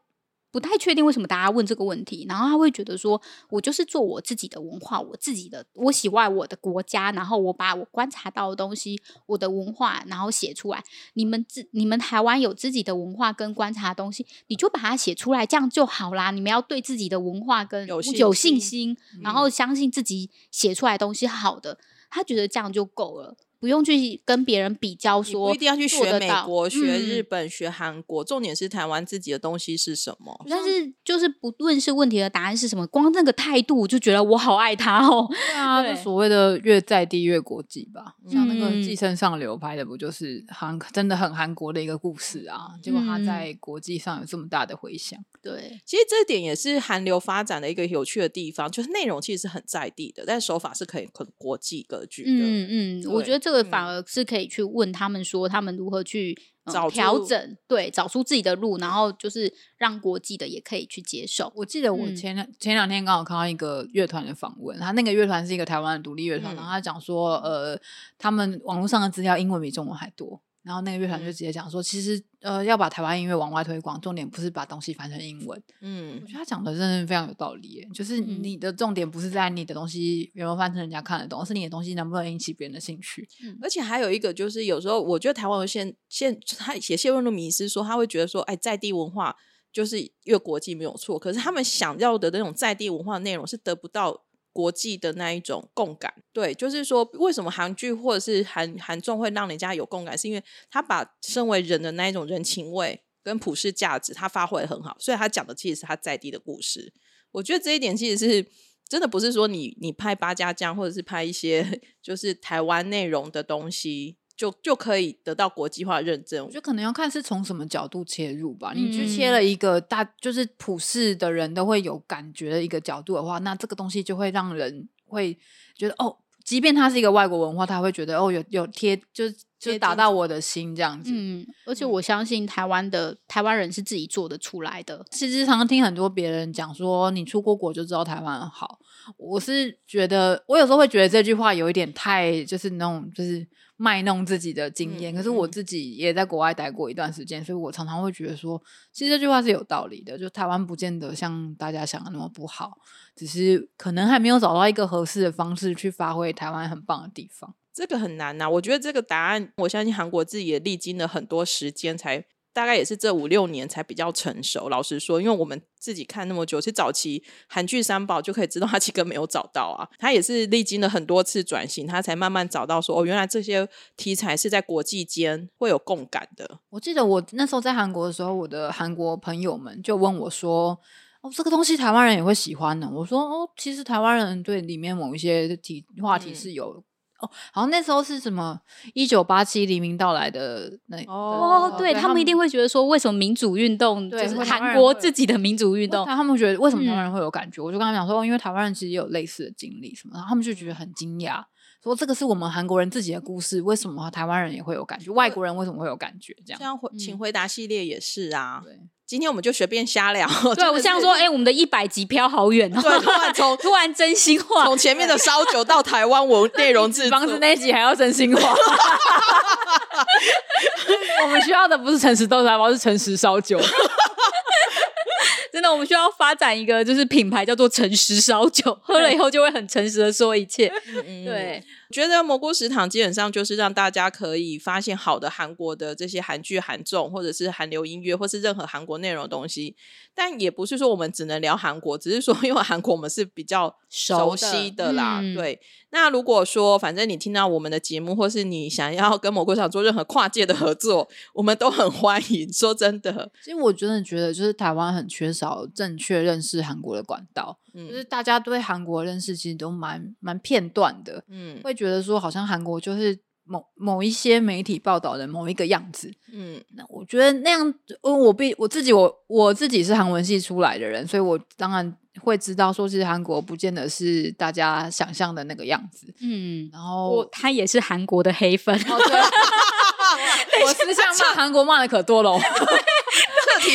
不太確定為什麼大家問這個問題，然後他會覺得說：“我就是做我自己的文化，我自己的，我喜歡我的國家，然後我把我觀察到的東西、我的文化，然後寫出來。你們自你們台灣有自己的文化跟觀察的東西，你就把它寫出來，這樣就好啦。你們要對自己的文化跟有有信心，有信心、嗯，然後相信自己寫出來東西好的，他覺得這樣就夠了。”不用去跟別人比較，說一定要去學美國、學日本、嗯、學韓國。重點是台灣自己的東西是什麼？但是就是不論是問題的答案是什麼，光那個態度就覺得我好愛他哦。對啊、欸，就所謂的越在地越國際吧、嗯。像那個《寄生上流》拍的，不就是韓，真的很韓國的一個故事啊？嗯、結果他在國際上有這麼大的迴響、嗯。對，其實這點也是韓流發展的一個有趣的地方，就是內容其實是很在地的，但手法是可以很國際格局的。嗯嗯，嗯，我覺得。這個反而是可以去問他們說，他們如何去調、嗯嗯、整？找出，對，找出自己的路，然後就是讓國際的也可以去接受。我記得我前兩、嗯、前兩天剛好看到一個樂團的訪問，他那個樂團是一個台灣的獨立樂團、嗯，然後他講說，呃，他們網絡上的資料英文比中文還多。然後那個樂團就直接講說，嗯、其實呃要把台灣音樂往外推廣，重點不是把東西翻成英文。嗯，我覺得他講的真的是非常有道理，就是你的重點不是在你的東西有沒有翻成人家看得懂、嗯，而是你的東西能不能引起別人的興趣。嗯、而且還有一個就是，有時候我覺得台灣有謝謝他寫謝文路迷思說，他會覺得說，哎，在地文化就是越國際沒有錯，可是他們想要的那種在地文化內容是得不到。國際的那一種共感，對，就是說，為什麼韓劇或者是韓韓綜會讓人家有共感，是因為他把身為人的那一種人情味跟普世價值，他發揮得很好。所以，他講的其實是他在地的故事。我覺得這一點其實是真的，不是說你你拍八家將，或者是拍一些就是台灣內容的東西。就就可以得到國際化認證，我覺得可能要看是從什麼角度切入吧。你去切了一個大、嗯，就是普世的人都會有感覺的一個角度的話，那這個東西就會讓人會覺得哦，即便它是一個外國文化，他會覺得哦，有有貼，就是就打到我的心這樣子。子嗯，而且我相信台灣的、嗯、台灣人是自己做得出來的。其實常常聽很多別人講說，你出過國國就知道台灣好。我是覺得，我有時候會覺得這句話有一點太，就是那種就是賣弄自己的經驗、嗯。可是我自己也在國外待過一段時間、嗯，所以我常常會覺得說，其實這句話是有道理的。就台灣不見得像大家想的那麼不好，只是可能還沒有找到一個合適的方式去發揮台灣很棒的地方。這個很難吶、啊。我覺得這個答案，我相信韓國自己也歷經了很多時間才。大概也是這五六年才比較成熟。老實說，因為我們自己看那麼久，其實早期韓劇三寶就可以知道他幾個沒有找到啊。他也是歷經了很多次轉型，他才慢慢找到說哦，原來這些題材是在國際間會有共感的。我記得我那時候在韓國的時候，我的韓國朋友們就問我說：“哦，這個東西台灣人也會喜歡呢？”我說：“哦，其實台灣人對裡面某一些題話題是有。嗯”哦，好像那時候是什麼？一九八七黎明到來的那哦，對，對，他們，他們一定會覺得說，為什麼民主運動就是韓國自己的民主運動？他們覺得為什麼台灣人會有感覺？嗯、我就跟他們講說、哦，因為台灣人其實也有類似的經歷，什麼？他們就覺得很驚訝，說這個是我們韓國人自己的故事，為什麼台灣人也會有感覺？外國人為什麼會有感覺？這樣？這樣回、嗯、請回答系列也是啊。對。今天我們就隨便瞎聊。 對，我想說，哎、欸，我們的一百集飄好遠、喔、對，突然從突然真心話，從前面的燒酒到台灣，我內容制房子那集還要真心話。 嗯、 我們需要的不是誠實豆沙包，是誠實燒酒。 真的，我們需要發展一個就是品牌，叫做誠實燒酒、嗯，喝了以後就會很誠實的說一切。嗯、對。覺得蘑菇食堂基本上就是讓大家可以發現好的韓國的這些韓劇、韓綜，或者是韓流音樂，或是任何韓國內容的東西。但也不是說我們只能聊韓國，只是說因為韓國我們是比較熟悉的啦。的嗯、對，那如果說反正你聽到我們的節目，或是你想要跟蘑菇食堂做任何跨界的合作，我們都很歡迎。說真的，其實我真的覺得就是台灣很缺少正確認識韓國的管道。嗯，就是大家對韓國的認識其實都蠻蠻片段的。嗯。覺得說好像韓國就是某某一些媒體報道的某一個樣子，嗯，那我覺得那樣，嗯、我必我自己我我自己是韓文系出來的人，所以我當然會知道說其實韓國不見得是大家想象的那個樣子，嗯，然後他也是韓國的黑粉，哦、 我私下罵韓國罵的可多了。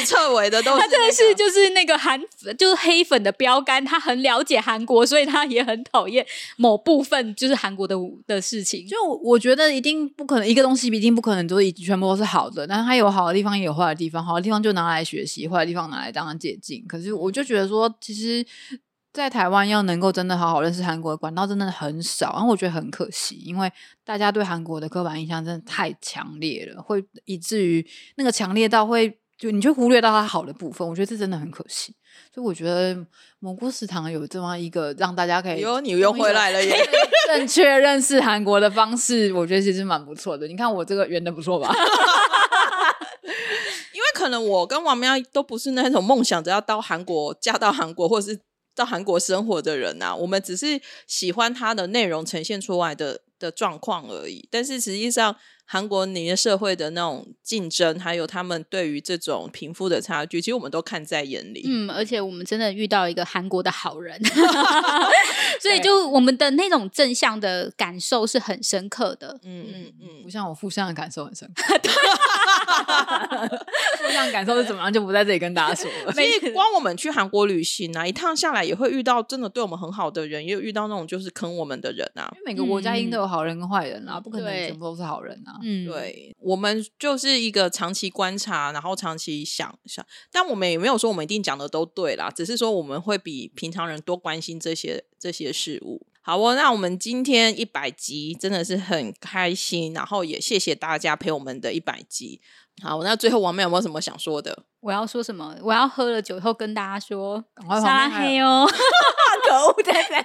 徹尾的都，那個，他真的是就是那個韓，就是黑粉的標杆。他很了解韓國，所以他也很討厭某部分就是韓國的的事情，就我覺得一定不可能，一個東西一定不可能就是全部都是好的。但是它有好的地方，也有壞的地方。好的地方就拿來學習，壞的地方拿來當成借鑑。可是我就覺得說，其實，在台灣要能夠真的好好認識韓國的管道，真的很少。然後我覺得很可惜，因為大家對韓國的刻板印象真的太強烈了，會以至於那個強烈到會。就你就忽略到它好的部分，我覺得這真的很可惜。所以我覺得蘑菇食堂有這麼一個讓大家可以喲你又回來了耶，正確認識韓國的方式，我覺得其實蠻不錯的。你看我這個圓的不錯吧？ 因為可能我跟王喵都不是那種夢想着要到韓國嫁到韓國，或是到韓國生活的人吶、啊。我們只是喜歡它的內容呈現出來的的狀況而已，但是實際上韓國農業社會的那種競爭，還有他們對於這種貧富的差距，其實我們都看在眼裡。嗯，而且我們真的遇到一個韓國的好人， 所以就我們的那種正向的感受是很深刻的。嗯嗯嗯，不像我負向的感受很深刻。 對哈哈哈哈哈！互相感受是怎麼樣，就不在這裡跟大家說了。所以，光我們去韓國旅行啊，一趟下來也會遇到真的對我們很好的人，也有遇到那種就是坑我們的人啊。因為每個國家應該有好人跟壞人啊，不可能全部都是好人啊。嗯，對，我們就是一個長期觀察，然後長期想想，但我們也沒有說我們一定講的都對啦，只是說我們會比平常人多關心這些這些事物。好哦，那我們今天一百集真的是很開心，然後也謝謝大家陪我們的一百集。好，那最後王喵有沒有什麼想說的？我要說什麼？我要喝了酒以後跟大家說，趕快拉黑哦！ 可惡，對不對？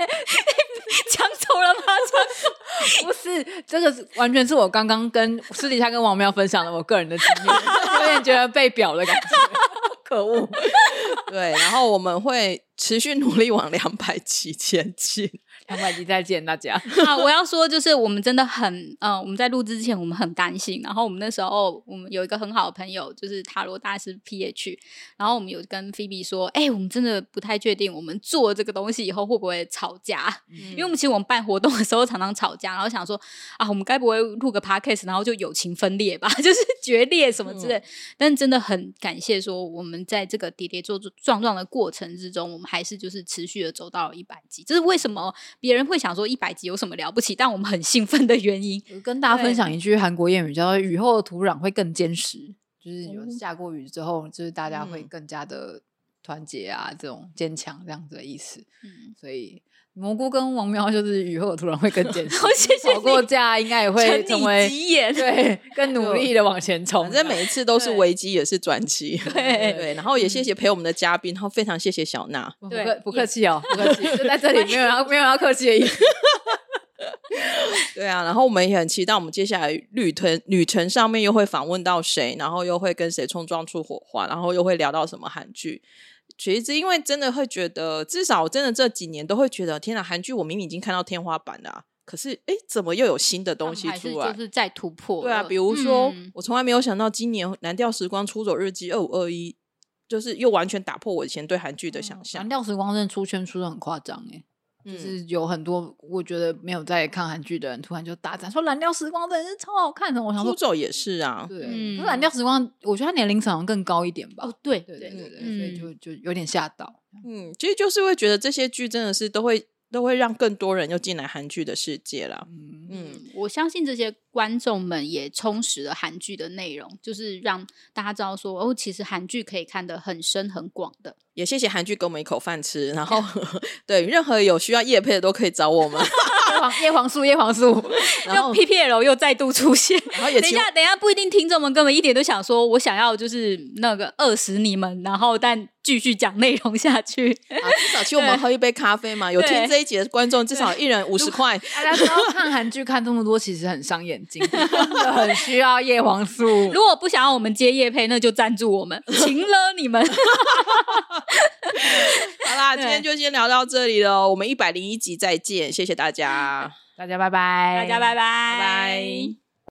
走 你 了嗎？不是，不是，這個是完全是我剛剛跟私底下跟王喵分享了我個人的經驗， 有點覺得被表的感覺。 可惡，對，然後我們會。持續努力往兩百集前進，兩百集再見大家。 啊，我要說就是我們真的很，嗯，我們在錄制之前我們很擔心，然後我們那時候我們有一個很好的朋友就是塔羅大師 PH，然後我們有跟 Phoebe 說，哎、欸，我們真的不太確定我們做這個東西以後會不會,會吵架、嗯，因為我們其實我們辦活動的時候常常吵架，然後想說啊，我們該不會錄個 Podcast 然後就友情分裂吧，就是決裂什麼之類，嗯、但真的很感謝說我們在這個跌跌撞撞的過程之中，我們。還是就是持續的走到了一百集，這是為什麼別人會想說一百集有什麼了不起？但我們很興奮的原因，我跟大家分享一句韓國諺語，叫做“雨後的土壤會更堅實”，就是有下過雨之後，嗯、就是大家會更加的團結啊，嗯、這種堅強這樣子的意思。嗯，所以。嗯蘑菇跟王喵就是雨後突然會更堅謝我過架應該也會成為急眼，對，更努力的往前衝。 反正每一次都是危機也是轉機，對、對、對。然後也謝謝陪我們的嘉賓，然後非常謝謝小娜。不對，不客氣哦，不客氣。 就在這裡沒有要沒有要客氣而已。 對啊，然後我們也很期待，我們接下來旅程旅程上面又會訪問到誰，然後又會跟誰衝撞出火花，然後又會聊到什麼韓劇。其實，因為真的會覺得，至少我真的這幾年都會覺得，天哪、啊！韓劇我明明已經看到天花板了，可是，哎、欸，怎麼又有新的東西出來，是就是在突破？對啊，比如說，嗯、我從來沒有想到今年《藍調時光》《出走日記》二五二一，就是又完全打破我以前對韓劇的想象。嗯，《藍調時光》真的出圈出的很誇張、欸，哎。嗯、就是有很多我覺得沒有在看韓劇的人，突然就大讚說《藍調時光》真的人是超好看的。我想說，出走也是啊，對。藍、嗯、調時光》，我覺得他年齡層好像更高一點吧。哦，對對對對對，嗯、所以就就有點嚇到。嗯，其實就是會覺得這些劇真的是都會。都會讓更多人又進來韓劇的世界了、嗯。嗯，我相信這些觀眾們也充實了韓劇的內容，就是讓大家知道說，哦，其實韓劇可以看得很深很廣的。也謝謝韓劇給我們一口飯吃，然後 對，任何有需要業配的都可以找我們。 葉黃素，葉黃素，然後 P P L 又再度出現，然後也。等一下，等一下，不一定聽眾們根本一點都想說，我想要就是那個餓死你們，然後但繼續講內容下去。啊，至少請我們喝一杯咖啡嘛。有聽這一集的觀眾，至少一人五十塊。大家知道看韓劇看這麼多，其實很傷眼睛， 真的很需要葉黃素。 如果不想要我們接業配，那就贊助我們，情勒你們。 好啦，今天就先聊到這裡嘍，嗯，我們一百零一集再見，謝謝大家，嗯，大家拜拜，大家拜拜，拜拜。